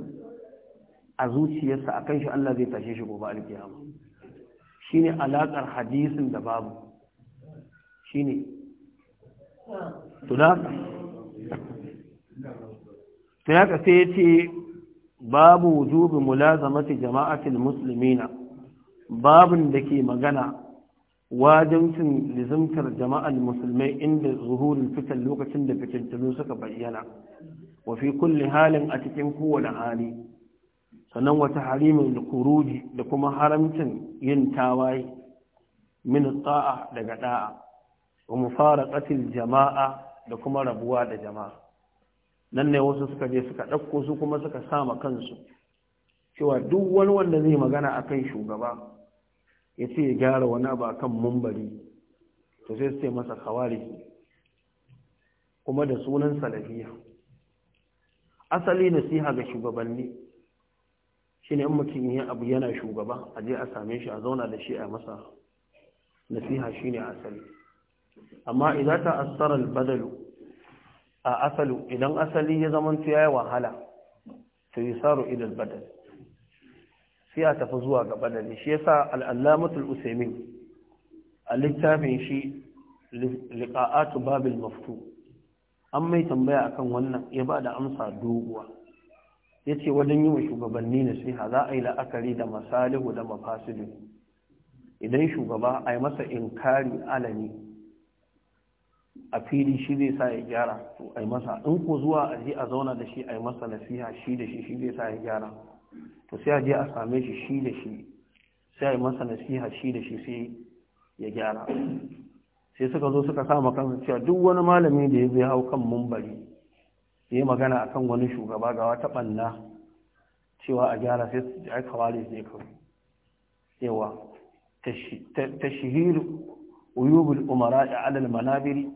a zuciyarsa akan shi Allah zai tashe shi gobe alkiyama shine alaƙar hadisin da babu shine to da sai ya ce babu wujubi mulazamati jama'atul muslimina babun da ke magana cin lizimtar jama'al musulmai inda zuhurin fitan lokacin da fitintunu suka bayyana wa kulle halin a cikin kowane hali sannan wata harimin kuruji da kuma haramcin yin tawaye min ta'a daga da'a wa mufaraqatil jama'a da kuma rabuwa da jama'a nan ne wasu suka je suka ɗauko su kuma suka sama kansu cewa duk wani wanda zai magana akan shugaba ya ce ya gyara wani abu akan mumbari to sai su ce masa kawari. kuma da sunan salafiya asali nasiha ga shugabanni shine in mutum yin abu yana shugaba a je a same shi a zauna da shi a masa nasiha shine asali amma idan ta asara albadalu a asalu idan asali ya zama ya yi wahala to yusaru ila Badal. sai a tafi zuwa ga badali shi yasa al-allamatul a littafin shi liqa'atu babil maftu an mai tambaya akan wannan ya ba da amsa doguwa ya ce wajen yi wa shugabanni nasiha za a yi la'akari da masalihu da mafasidu idan shugaba a yi masa inkari alami a fili shi zai sa ya gyara to a yi masa in ko zuwa a je a zauna da shi a yi masa nasiha shi da shi shi zai sa ya gyara to sai a je a same shi shi da shi sai a yi masa nasiha shi da shi sai ya gyara sai suka zo suka sa kansu cewa duk wani malami da ya zai hau kan mumbari yi magana akan wani shugaba ga wata banna cewa a gyara sai su ji aika wale ne kawai yawa tashihiru uyubul umara a alal manabiri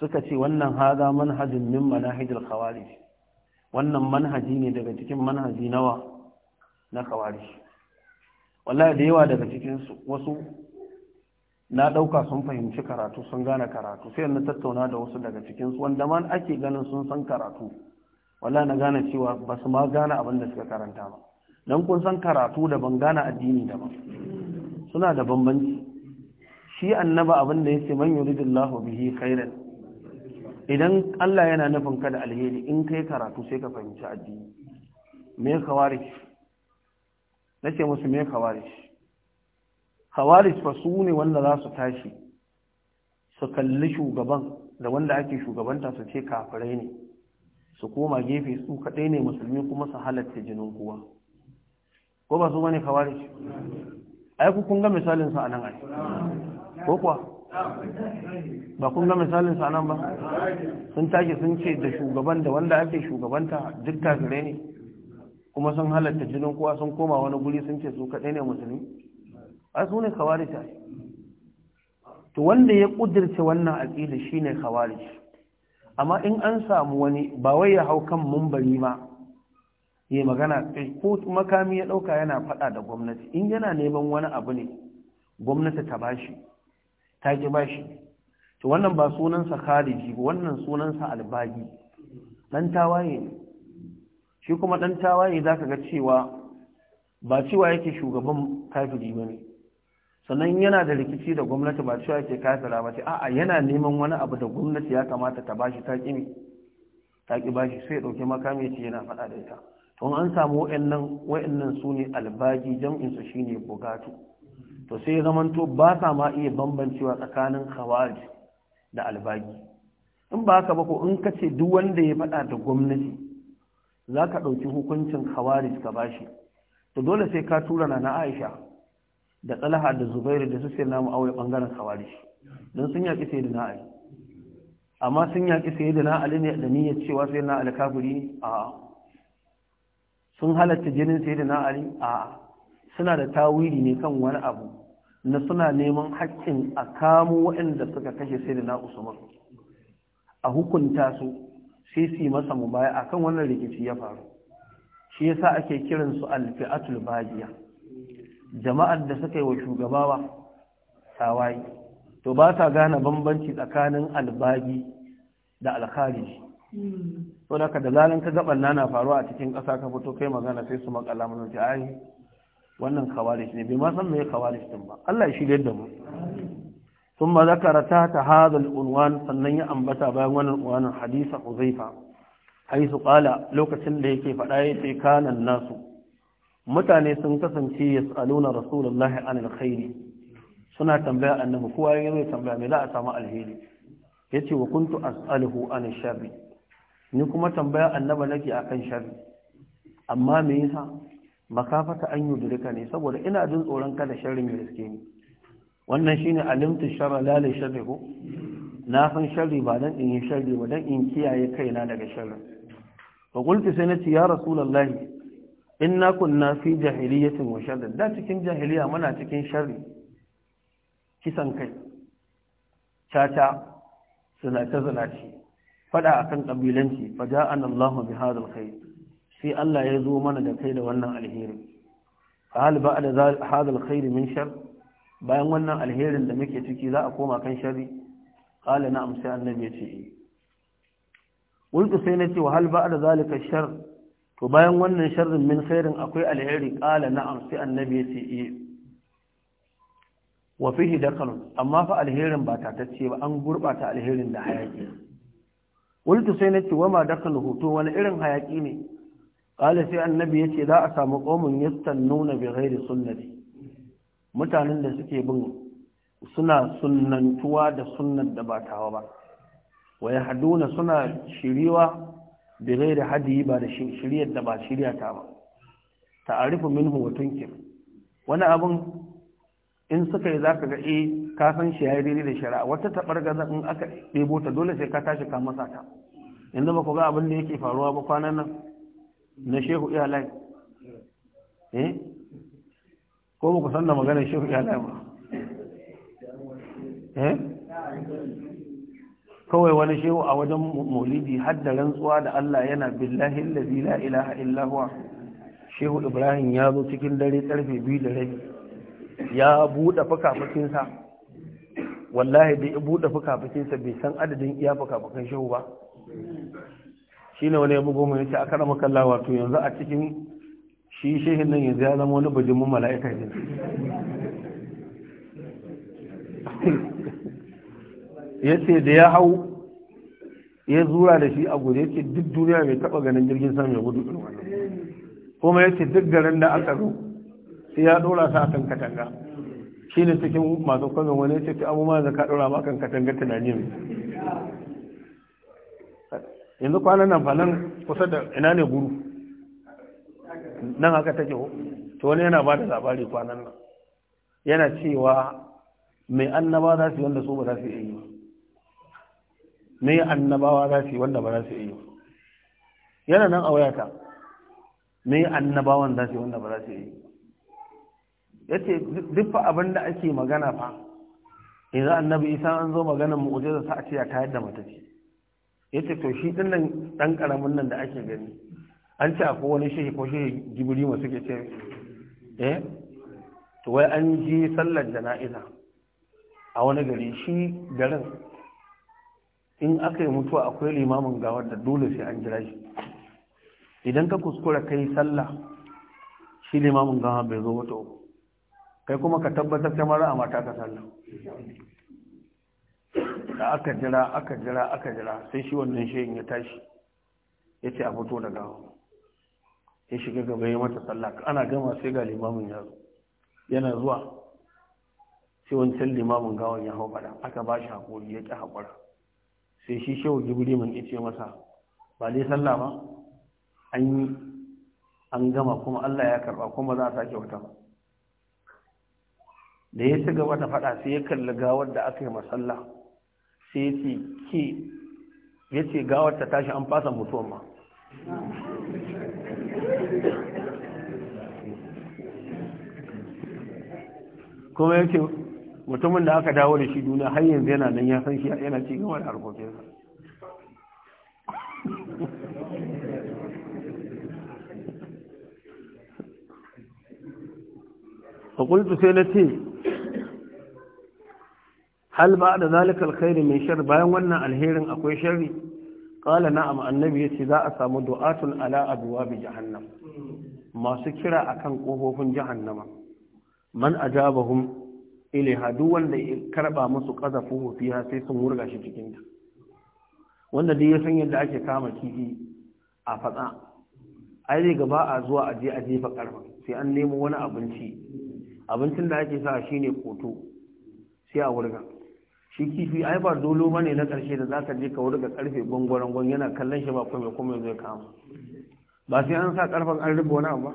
suka ce wannan haza manhajin min manahijil khawarij wannan manhaji ne daga cikin manhaji nawa na khawarij wallahi da yawa daga cikin wasu na ɗauka sun fahimci karatu sun gane karatu sai na tattauna da wasu daga cikin su wanda man ake ganin sun san karatu walla na gane cewa ba su ma gane abin da suka karanta ba don kun san karatu da ban gane addini daban suna da bambanci shi annaba abin da yake man yuridillahu bihi khairan idan Allah yana nufin ka da alheri in kai karatu sai ka fahimci addini me kawarish nace musu me kawarish khawarij fa su ne wanda za su tashi su kalli shugaban da wanda ake shugabanta su ce kafirai ne su koma gefe su kaɗai ne musulmi kuma su halatta jinin kuwa. ko ba su bane khawarij ai ku kun ga misalin sa anan ai ko kuwa ba kun ga misalin sa anan ba sun tashi sun ce da shugaban da wanda ake shugabanta duk kafirai ne kuma sun halatta jinin kuwa sun koma wani guri sun ce su kaɗai ne musulmi a su ne khawarija to wanda ya kudirce wannan aqida shine khawarij amma in an samu wani ba wai ya hau kan mumbari ma ya magana eh, ko makami ya dauka yana fada da gwamnati in yana neman wani abu ne gwamnati ta bashi ta ki bashi to wannan ba sunansa khariji ba wannan sunansa albagi dan tawaye ne shi kuma dan tawaye zaka ga cewa ba cewa yake shugaban kafiri bane sannan yana da rikici da gwamnati ba cewa ke kafira ba ce a'a yana neman wani abu da gwamnati ya kamata ta bashi ta kimi ta ki bashi sai dauke makami ce yana faɗa da ita to an samu wayannan wayannan sune albaji jam'in su shine bugatu to sai zamanto ba sa ma iya bambancewa tsakanin khawarij da albaji. in ba haka ba ko in kace duk wanda ya faɗa da gwamnati zaka dauki hukuncin khawarij ka bashi to dole sai ka tura na Aisha da Talha da Zubairu da su sai namu aure bangaren kawari. don sun yaki sai da na amma sun yaki sai da na ne da niyyar cewa sai na alkaburi a sun halatta jinin sai da na a suna da tawili ne kan wani abu na suna neman haƙƙin a kamo waɗanda suka kashe sai da na Usman a hukunta su sai su yi masa a akan wannan rikici ya faru shi yasa ake kiransu alfi'atul bajiya jama'ar da suka yi wa shugabawa tawaye to ba sa gane bambanci tsakanin albagi da alkhari to da ka dalalin ka gaban na faruwa a cikin ƙasa ka fito kai magana sai su makala mun ta ai wannan kawarish ne bai ma san me kawarish din ba Allah ya shirye da mu ta ta hada al-unwan sannan ya ambata bayan wannan unwanin hadisa uzaifa aisu qala lokacin da yake faɗa yace kanan nasu mutane sun kasance yas'aluna rasulullahi an alkhairi. suna tambaya annabi kowa ya zai tambaya me za a samu alheri yace wa kuntu as'aluhu an sharri ni kuma tambaya annabi nake akan sharri amma me yasa makafata an yudrika ne saboda ina jin tsoron kada sharri mai riske ni wannan shine alimtu sharra la la ko na san sharri ba dan in yi sharri ba dan in kiyaye kaina daga sharri fa qultu sai nace ya rasulullahi inna kunna fi jahiliyatin wa sharrin da cikin jahiliya muna cikin sharri kisan kai caca zinace zinace fada akan kabilanci fa ja'ana Allahu bi hadal khair sai Allah ya zo mana da kai da wannan alheri hal ba'da hadal khair min shar bayan wannan alherin da muke ciki za a koma kan sharri qala na'am sai annabi ya ce eh. qultu sai nace wa hal ba'da zalika shar to bayan wannan sharrin min khairin akwai alheri qala na'am sai annabi ya ce eh wa fihi amma fa alherin ba tace ba an gurbata alherin da hayaki wultu sai nace wa ma dakalu hoto wani irin hayaki ne qala sai annabi yace za a samu qaumun yastannuna bi ghairi sunnati mutanen da suke bin suna sunnantuwa da sunnar da ba tawa ba wa yahduna suna shiriwa bi ghairi hadi ba da shiryar da ba shirya ta ba ta'arifu minhu wa tunkir wani abun in suka yi zaka ga eh ka san shi yayi daidai da shari'a wata tabargaza in aka debo ta dole sai ka tashi ka masa ta yanzu ba ku ga abin da yake faruwa ba kwanan nan na shehu iyalai eh ko ba ku san da maganar shehu iyalai ba eh kawai wani shehu a wajen maulidi har da rantsuwa da Allah yana billahi allazi la ilaha illa shehu ibrahim ya zo cikin dare karfe biyu da rabi ya buɗe fukafukinsa wallahi da ya buɗe fukafukinsa bai san adadin iya fukafukan shehu ba shine wani ya bugo mu yace aka rama makalla wato yanzu a cikin shi shehin nan yanzu ya zama wani bijimin mala'ika ya ce da ya hau ya zura da shi a gudu ya ce duk duniya mai taɓa ganin jirgin sama ya gudu irin wannan kuma ya ce duk garin da aka zo sai ya ɗora sa a kan katanga shi ne cikin masu kwanan wani ya ce abubuwa da zaka ɗora ma kan katanga tunani mai yanzu kwanan nan fa nan kusa da ina ne guru nan haka take to wani yana ba da labari kwanan nan yana cewa mai annaba za su yi wanda so ba za su yi ba ne annabawa za su yi wanda ba za su yi yana nan a wayata ne annabawan za su yi wanda ba za su yi ya ce duk fa abin da ake magana fa idan annabi isa an zo maganar mu'ujiza sa a ce ya tayar da ce. ya ce to shi din nan dan karamin nan da ake gani an ce akwai wani shehi ko shehi jibiri masu ke ce eh to wai an ji sallar jana'iza a wani gari shi garin in aka yi mutuwa akwai limamin gawar da dole sai an jira shi idan ka kuskura ka yi sallah shi limamin gawa bai zo wata uku kai kuma ka tabbatar ta mara a mata ka sallah da aka jira aka jira aka jira sai shi wannan shayin ya tashi ya ce a fito da gawa ya shiga gaba ya mata sallah ana gama sai ga limamin ya zo yana zuwa sai wancan limamin gawan ya hau faɗa. aka ba shi hakuri, ya ƙi hakura sai shi shehu jibri mun ce masa ba dai sallah ba an an gama kuma Allah ya karba kuma za a sake wata ba da ya ci gaba da faɗa sai ya kalli gawar da aka yi masalla sai ya ce ke ya ce gawar ta tashi an fasa mutuwan ma kuma ya mutumin da aka dawo da shi duniya har yanzu yana nan ya san shi yana ci gaba da harkokinsa fakultu sai na ce hal ba da zalika alkhairi mai shar bayan wannan alherin akwai sharri kala na'am annabi ce za a samu du'atun ala abwabi jahannam masu kira akan kofofin jahannama man ajabahum ile Hadu, wanda ya karba musu kazafu fiha sai sun wurga shi cikin ta wanda dai ya san yadda ake kama kifi a fatsa ai dai gaba a zuwa a je a jefa karfa sai an nemo wani abinci abincin da ake sa shine koto sai a wurga shi kifi ai ba dolo bane na karshe da zaka je ka wurga karfe gongoran gwan yana kallon shi ba komai komai zai kama ba sai an sa karfan an rubo wani abu ba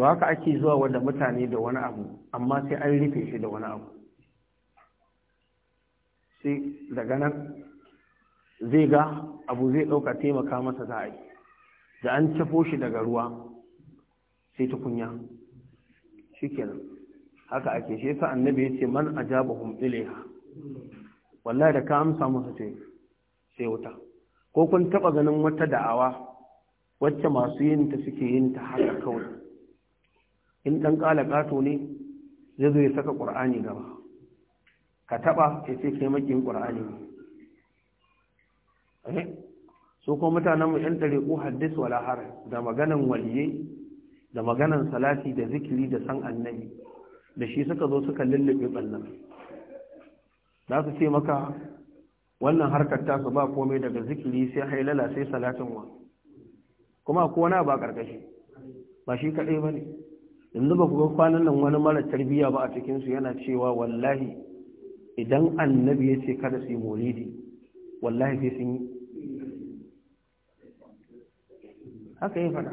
to haka ake zuwa wanda mutane da wani abu amma sai an rufe shi da wani abu sai daga nan zai ga abu zai ɗauka taimaka masa za a yi da an tafo shi daga ruwa sai tukunya shi kenan haka ake shi yasa annabi ya ce man ajabahum ilaiha wallahi da ka amsa masa ce sai wuta ko kun taɓa ganin wata da'awa wacce masu yin ta suke yin ta haka kawai in ɗan ƙala ƙato ne zai zo ya saka ƙur'ani gaba ka taɓa ya ce kai makin ƙur'ani ne eh? mutanen mu mutanenmu ‘yan ko haddis wa har da maganan waliye da maganan salati da zikiri da san annabi da shi suka zo suka lullube ɓannan za su ce maka wannan harkar su ba komai daga zikiri sai hailala sai salatin wa kuma ko na ba ƙarƙashi ba shi kaɗai ba ne yanzu ba ku ga kwanan nan wani mara tarbiyya ba a cikinsu yana cewa wallahi idan annabi ya ce kada su yi maulidi wallahi sai sun yi haka yi fada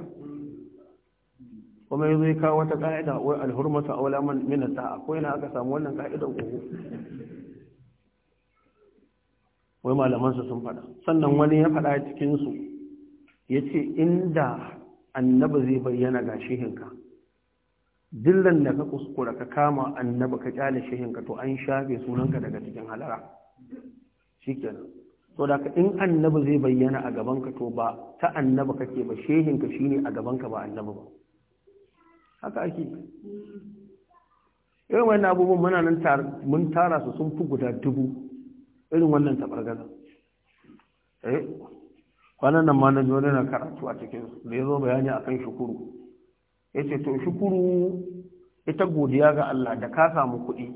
kuma ya zai kawo wata ka'ida wai alhurmata a wala min ta'a akwai yana aka samu wannan ka'idan kogo wai malaman sun fada sannan wani ya fada cikinsu ya yace inda annabi zai bayyana ga shihinka dillan da ka kuskura ka kama annaba ka kyale ka to an shafe sunanka daga cikin halara shikenan to da ka in annaba zai bayyana a gaban ka to ba ta annaba kake ba shehin ka shine a gaban ka ba annaba ba haka ake irin wannan abubuwan muna nan mun tara su sun fi guda dubu irin wannan tabargaza eh kwanan nan ma na jona na karatu a cikin da ya zo bayani akan shukuru ya ce to shukuru ita godiya ga Allah da ka samu kuɗi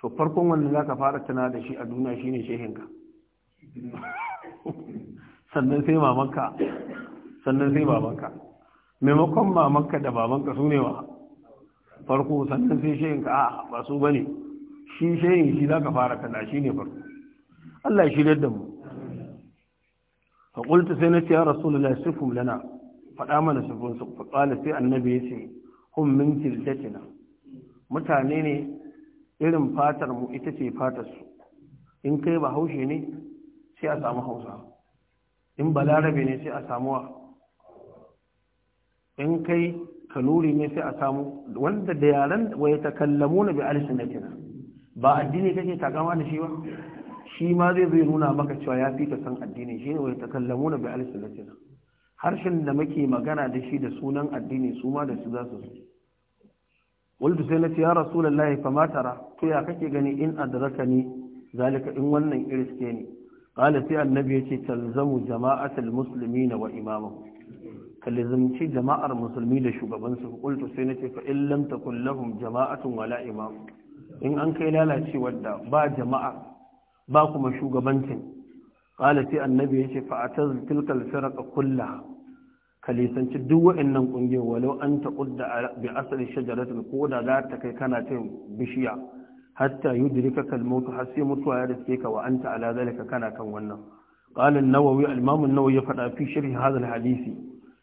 to farkon wanda za ka fara tana da shi a duniya shine shehinka sannan sai mamanka sannan sai babanka maimakon mamanka da babanka su ne wa farko sannan sai shehinka a ba su ba ne shi shehin shi za ka fara tana shi ne farko Allah shi da mu faƙulta sai na ce ya sifum lana faɗa mana sufun su faƙala sai annabi ya ce hun min kiltatina mutane ne irin fatar mu ita ce fatar su in kai ba haushe ne sai a samu hausa in balarabe ne sai a samu in kai kanuri ne sai a samu wanda da yaran waya ta kallamu na bi alisanatina ba addini kake takama da shi ba shi ma zai zai nuna maka cewa ya fi ka san addini shi ne waya ta kallamu na bi alisanatina harshen da muke magana da shi da sunan addini su ma da su za su su wultu sai na ce ya rasulullahi fa ma tara to ya kake gani in adraka ni zalika in wannan iriske ne qala sai annabi yace talzamu jama'atul muslimina wa imamuhum kalizumci jama'ar musulmi da shugabansu qultu sai na ce fa in lam takul lahum jama'atun wala imam in an kai lalacewar da ba jama'a ba kuma shugabancin qala sai annabi yace fa ataz tilkal firqa kullaha ka lisanci duk wa'annan ƙungiyar walau an da bi asali shajaratul ko da za ta kai kana ta bishiya hatta yudrika kal maut har sai mutuwa ya riske ka wa anta ala kana kan wannan qala an-nawawi al nawawi ya faɗa fi sharh hadha al-hadisi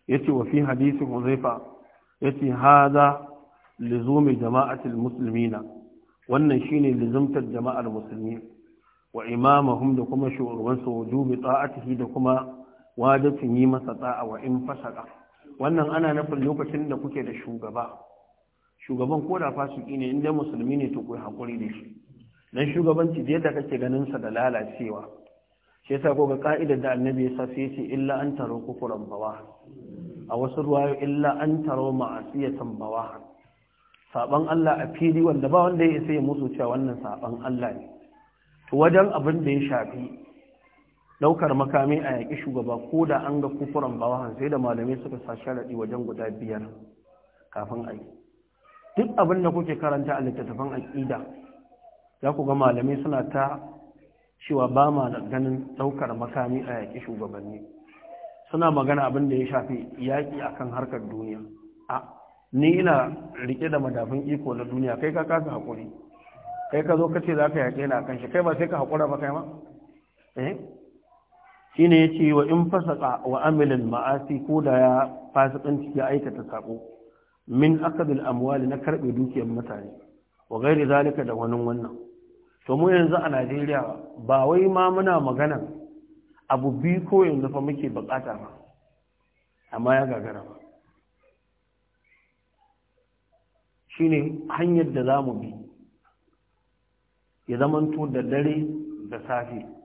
yace wa fi hadisi huzaifa yace ce, lizum lizumi, al musulmina, wannan shine lizumtar jama'ar musulmi wa imamahum da kuma shugabansu wajubi wujubi ta'atihi da kuma wajibin yi masa da'a wa in fasaka wannan ana nufin lokacin da kuke da shugaba shugaban ko da fasiki ne inda musulmi ne to ku hakuri da shi dan shugabanci da yadda kake ganin sa da lalacewa shi yasa ko ga ka'idar da annabi ya sace shi illa an taro kufuran bawa a wasu ruwayo illa an taro ma'asiyatan bawa saban Allah a fili wanda ba wanda ya isa ya musu cewa wannan saban Allah ne to wajen abin da ya shafi Daukar makami a yaƙi shugaba ko da an ga kufuran bawahan sai da malamai suka sa sharaɗi wajen guda biyar kafin a duk abin da kuke karanta a littattafan aƙida za ku ga malamai suna ta cewa ba ma ganin daukar makami a yaƙi shugabanni suna magana abin da ya shafi yaƙi akan harkar duniya a ni ina rike da madafin iko na duniya kai ka kasa haƙuri kai ka zo ka ce za ka yaƙe kan shi kai ba sai ka haƙura ba kai ma eh Shi shine ce wa in fasaka wa amilin ma'asi ko da ya fasikanci ya aikata sako min akadil amwali na karbe dukiyar mutane wa gairi zalika da wani wannan to mu yanzu a Najeriya ba wai ma muna magana abu biyu ko yanzu fa muke bukata ba amma ya gagara ba Shi ne hanyar da za mu bi ya zamanto da dare da safe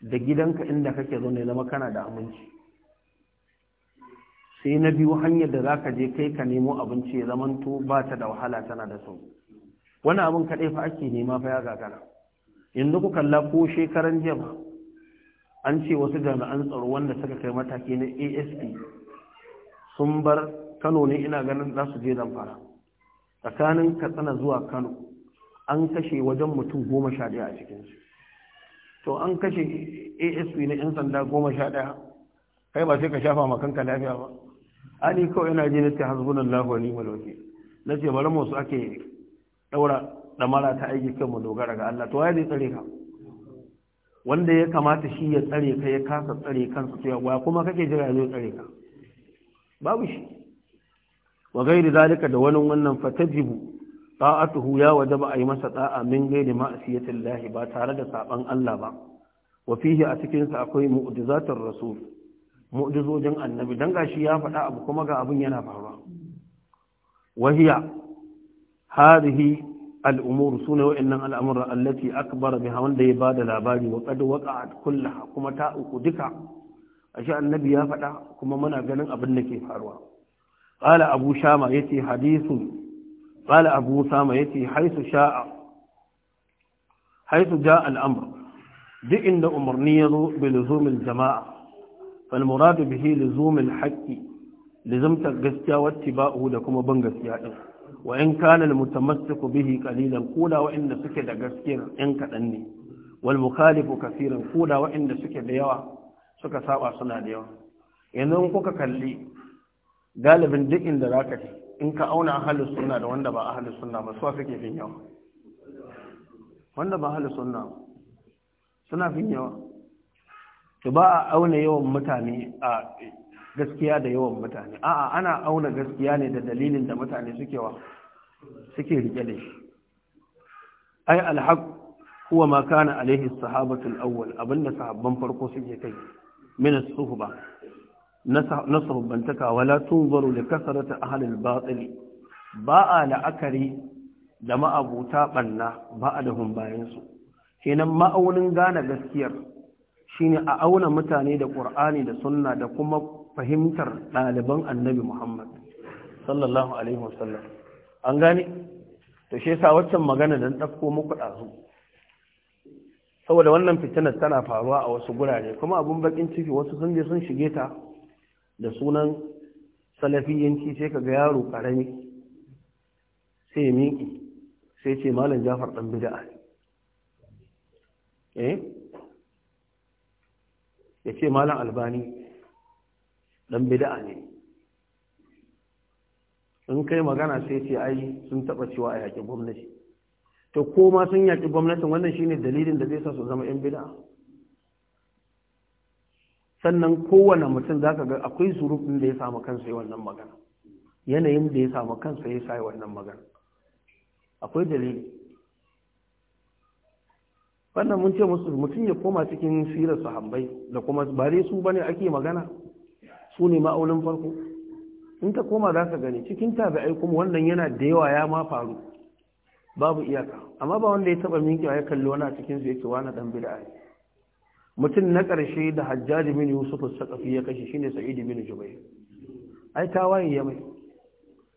da gidanka inda kake zo ne zama kana da aminci sai na biyu hanyar da za ka je kai ka nemo abinci ya zamanto ba ta da wahala tana da sau wani abin kaɗai fa ake nema fa ya gagara yanzu ku kalla ko shekaran jiya an ce wasu jami'an tsaro wanda suka kai mataki na asp sun bar kano ne ina ganin za su je zamfara tsakanin katsina zuwa kano an kashe wajen mutum goma sha ɗaya a cikinsu to an kashe asp na 'yan sanda goma sha daya kai ba sai ka shafa ma kanka lafiya ba ani kawai yana ji na ce hasbunan lafi wani na ce bari masu ake da mara ta aiki kanmu dogara ga Allah to ya zai tsare ka wanda ya kamata shi ya tsare ka ya kasa tsare kansa to ya kuma kake jira ya zo tsare ka babu shi wa gairi zalika da wani wannan fatajibu ta'atuhu ya wajaba yi masa da'a min gairi ma'siyatin lahi ba tare da saban Allah ba wa fihi a cikin sa akwai mu'jizatar rasul mu'jizojin annabi dan gashi ya faɗa abu kuma ga abin yana faruwa wahiya hadhihi al'umur su ne wa'innan al'amura allafi akbar bi wanda ya ba da labari wa a kulla kuma ta uku duka Ashe shi annabi ya faɗa kuma muna ganin abin da ke faruwa ƙala abu shama ya ce qala abu usama yace haisu sha'a haisu ja al'amur. duk inda umarni yazo bi luzumil jama'a fal bihi luzumil haqqi luzumta gaskiya wattiba'u da kuma ban gaskiya din wa in kana al bihi ƙalilan koda wa suke da gaskiyar yan kaɗan ne wal mukhalifu kaseeran koda wa suke da yawa suka saba suna da yawa yanzu kuka kalli galibin duk inda zaka in ka auna ahalus sunna da wanda ba ahalus sunna ba suwa suke fin yawa wanda ba ahalus sunna suna fin yawa to ba a auna yawan mutane a gaskiya da yawan mutane a'a ana auna gaskiya ne da dalilin da mutane suke wa suke rike da shi ai alhaq huwa ma kana alaihi sahabatul awwal abinda sahabban farko suke kai min as-suhba na sahubantaka wala tunzaru li kasarati ahli al-batil ba a la'akari da ma'abuta banna ba a da bayan su kenan ma'aunin gane gaskiyar shine a auna mutane da Ƙur'ani da sunna da kuma fahimtar ɗaliban annabi muhammad sallallahu alaihi wasallam an gane to shi yasa waccan magana dan ɗauko muku ɗazu saboda wannan fitilar tana faruwa a wasu gurare kuma abin baƙin ciki wasu sun je sun shige ta da sunan salafiyanci sai ka ga yaro karami sai ya miƙi sai ce malam jafar ɗan bida'a eh ya ce malam albani ɗan bida'a ne in kai magana sai ce ai sun taɓa cewa a yaƙi gwamnati Ta koma sun yaƙi gwamnatin wannan shine dalilin da zai sa su zama 'yan bida'a sannan kowane mutum za ka ga akwai surufin da ya samu kansa yi wannan magana yanayin da ya samu kansa ya sa wannan magana akwai dalili wannan mun ce musu mutum ya koma cikin sirar hambai da kuma ba dai su bane ake magana su ne ma'aunin farko in ta koma za ka gani cikin ai kuma wannan yana da yawa ya ma faru babu iyaka amma ba wanda ya taba minkewa ya kalli wani a cikin su yake wani dan bid'a ne mutum na ƙarshe da hajjaji bin Yusufu Saƙafi ya kashe shine Sa'idu mini jubair ai tawaye ya mai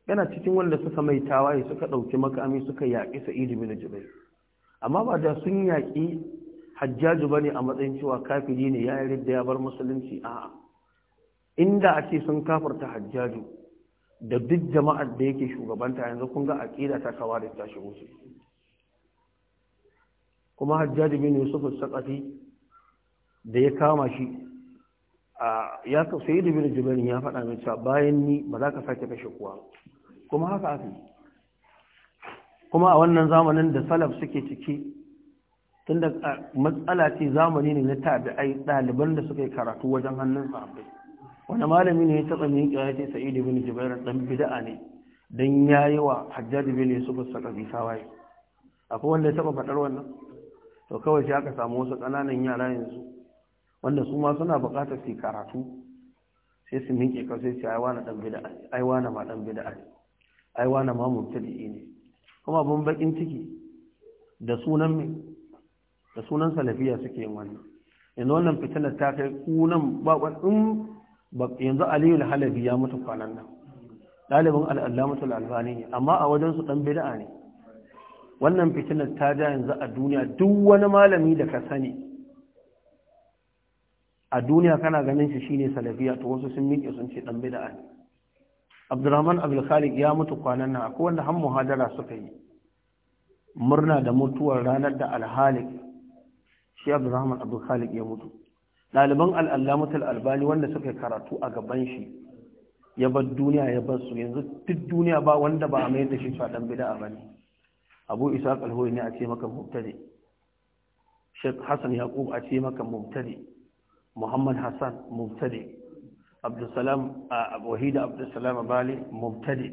yana cikin wanda suka mai tawaye suka ɗauki makami suka yaƙi Sa'idu mini jubair amma ba da sun yaƙi Hajjaji ba ne a matsayin cewa kafiri ne ya yi yarda ya bar musulunci a inda ake sun kafarta Hajjaji, da duk jama'ar da yake shugabanta yanzu kun ga aƙida ta kawa da ta shigo kuma Hajjaji bin yusuf sakafi da ya kama shi ya sai da bin jibirin ya faɗa min cewa bayan ni ba za ka sake kashe kuwa kuma haka aka kuma a wannan zamanin da salaf suke ciki tunda matsala ce zamani ne na tabi'ai ɗaliban da suka yi karatu wajen hannun sahabbai wani malami ne ya taɓa ne ya ce da bin jibairar ɗan bida'a ne don ya yi wa hajjaj bin yusuf sakafi tawaye akwai wanda ya taɓa faɗar wannan to kawai shi aka samu wasu ƙananan yara yanzu wanda su ma suna buƙatar su karatu sai su minke ka sai su aiwa na dan bid'a aiwa na ma dan bid'a aiwa na ma mubtadi ne kuma abin bakin ciki da sunan da sunan salafiya suke yin wannan yanzu wannan fitinar ta kai kunan bakon in yanzu aliyu halabi ya mutu kwanan nan ɗalibin al'allamatul albani ne amma a wajensu ɗan bida'a ne wannan fitinar ta ja yanzu a duniya duk wani malami da ka sani a duniya kana ganin shi shine salafiya to wasu sun miƙe sun ce dan bid'a ne Abdurrahman Abdul Khaliq ya mutu kwanan nan akwai wanda har muhadara suka yi murna da mutuwar ranar da Al-Khaliq shi Abdurrahman Abdul Khaliq ya mutu Daliban ɗaliban al'allamatul albani wanda suka karatu a gaban shi ya bar duniya ya bar su yanzu duk duniya ba wanda ba a mayar da shi dan bida a bane abu isa kalhoyi ne a ce maka mubtadi shek hassan yaqub a ce maka mubtadi muhammad hassan mubtadi abdulsalam wahida abdulsalam bali mubtadi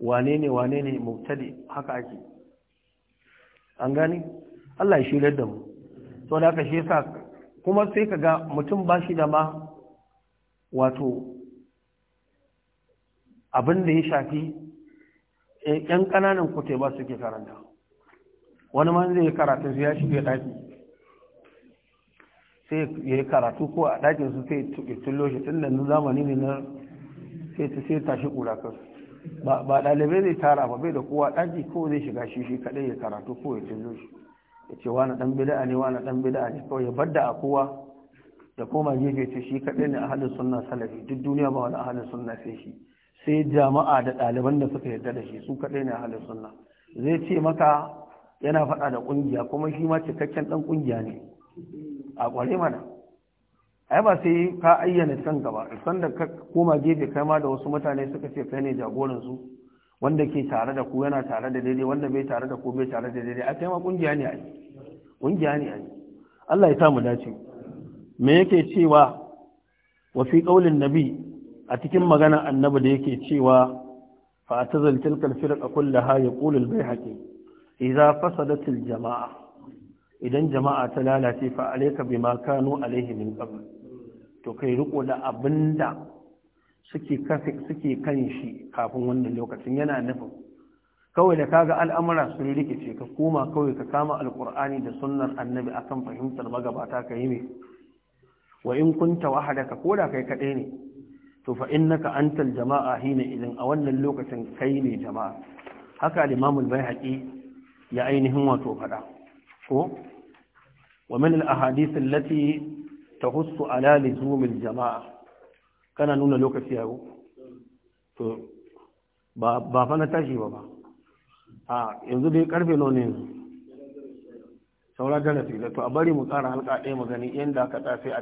wane ne wane ne mubtadi haka ake an gani Allah ya shirar da mu to da ka shi yasa kuma sai ka ga mutum ba shi da ma wato abin da ya shafi ‘yan eh, ƙananan kutai ba suke karanta wani man zai yi karatun su ya shige ɗaki sai ya yi karatu ko a ɗakin su sai tullo shi tun da zamani ne na sai ta sai tashi ƙura kan ba ɗalibai zai tara ba bai da kowa ɗaki ko zai shiga shi shi kaɗai ya karatu ko ya tullo shi ya ce wani ɗan bida'a ne wani ɗan bida'a ne kawai ya bar da a kowa da koma gefe ce shi kaɗai ne a halin sunna salafi duk duniya ba wani halin sunna sai shi sai jama'a da ɗaliban da suka yarda da shi su kaɗai ne a halin sunna zai ce maka yana faɗa da ƙungiya kuma shi ma cikakken ɗan ƙungiya ne a ƙware mana ai ba sai ka ayyana kanka ba san da ka koma gefe kai ma da wasu mutane suka ce kai ne jagoran su wanda ke tare da ku yana tare da daidai wanda bai tare da ku bai tare da daidai a kai ma kungiya ne ai kungiya ne ai Allah ya samu dace me yake cewa wa fi qaulin nabi a cikin magana annabi da yake cewa fa atazal tilka al-firqa kullaha yaqulu al-bayhaqi idza fasadat al-jama'a idan jama'a ta lalace fa alayka bima kanu alaihi min qabl to kai riko da abinda suke suke kan shi kafin wannan lokacin yana nufin kawai da kaga al'amura sun rikice ka koma kawai ka kama alqur'ani da sunnar annabi akan fahimtar magabata ka yi ne wa in kunta ko koda kai kadai ne to fa innaka antal jama'a hina idan a wannan lokacin kai ne jama'a haka al-imam al ya ainihin wato fada ko ومن الأحاديث التي تخص على لزوم الجماعة كان نونا لوكا فيها ba fa na tashi ba ba a yanzu dai karfe nawa ne darasi da to a bari mu tsara halka ɗaya magani gani yadda aka tafi a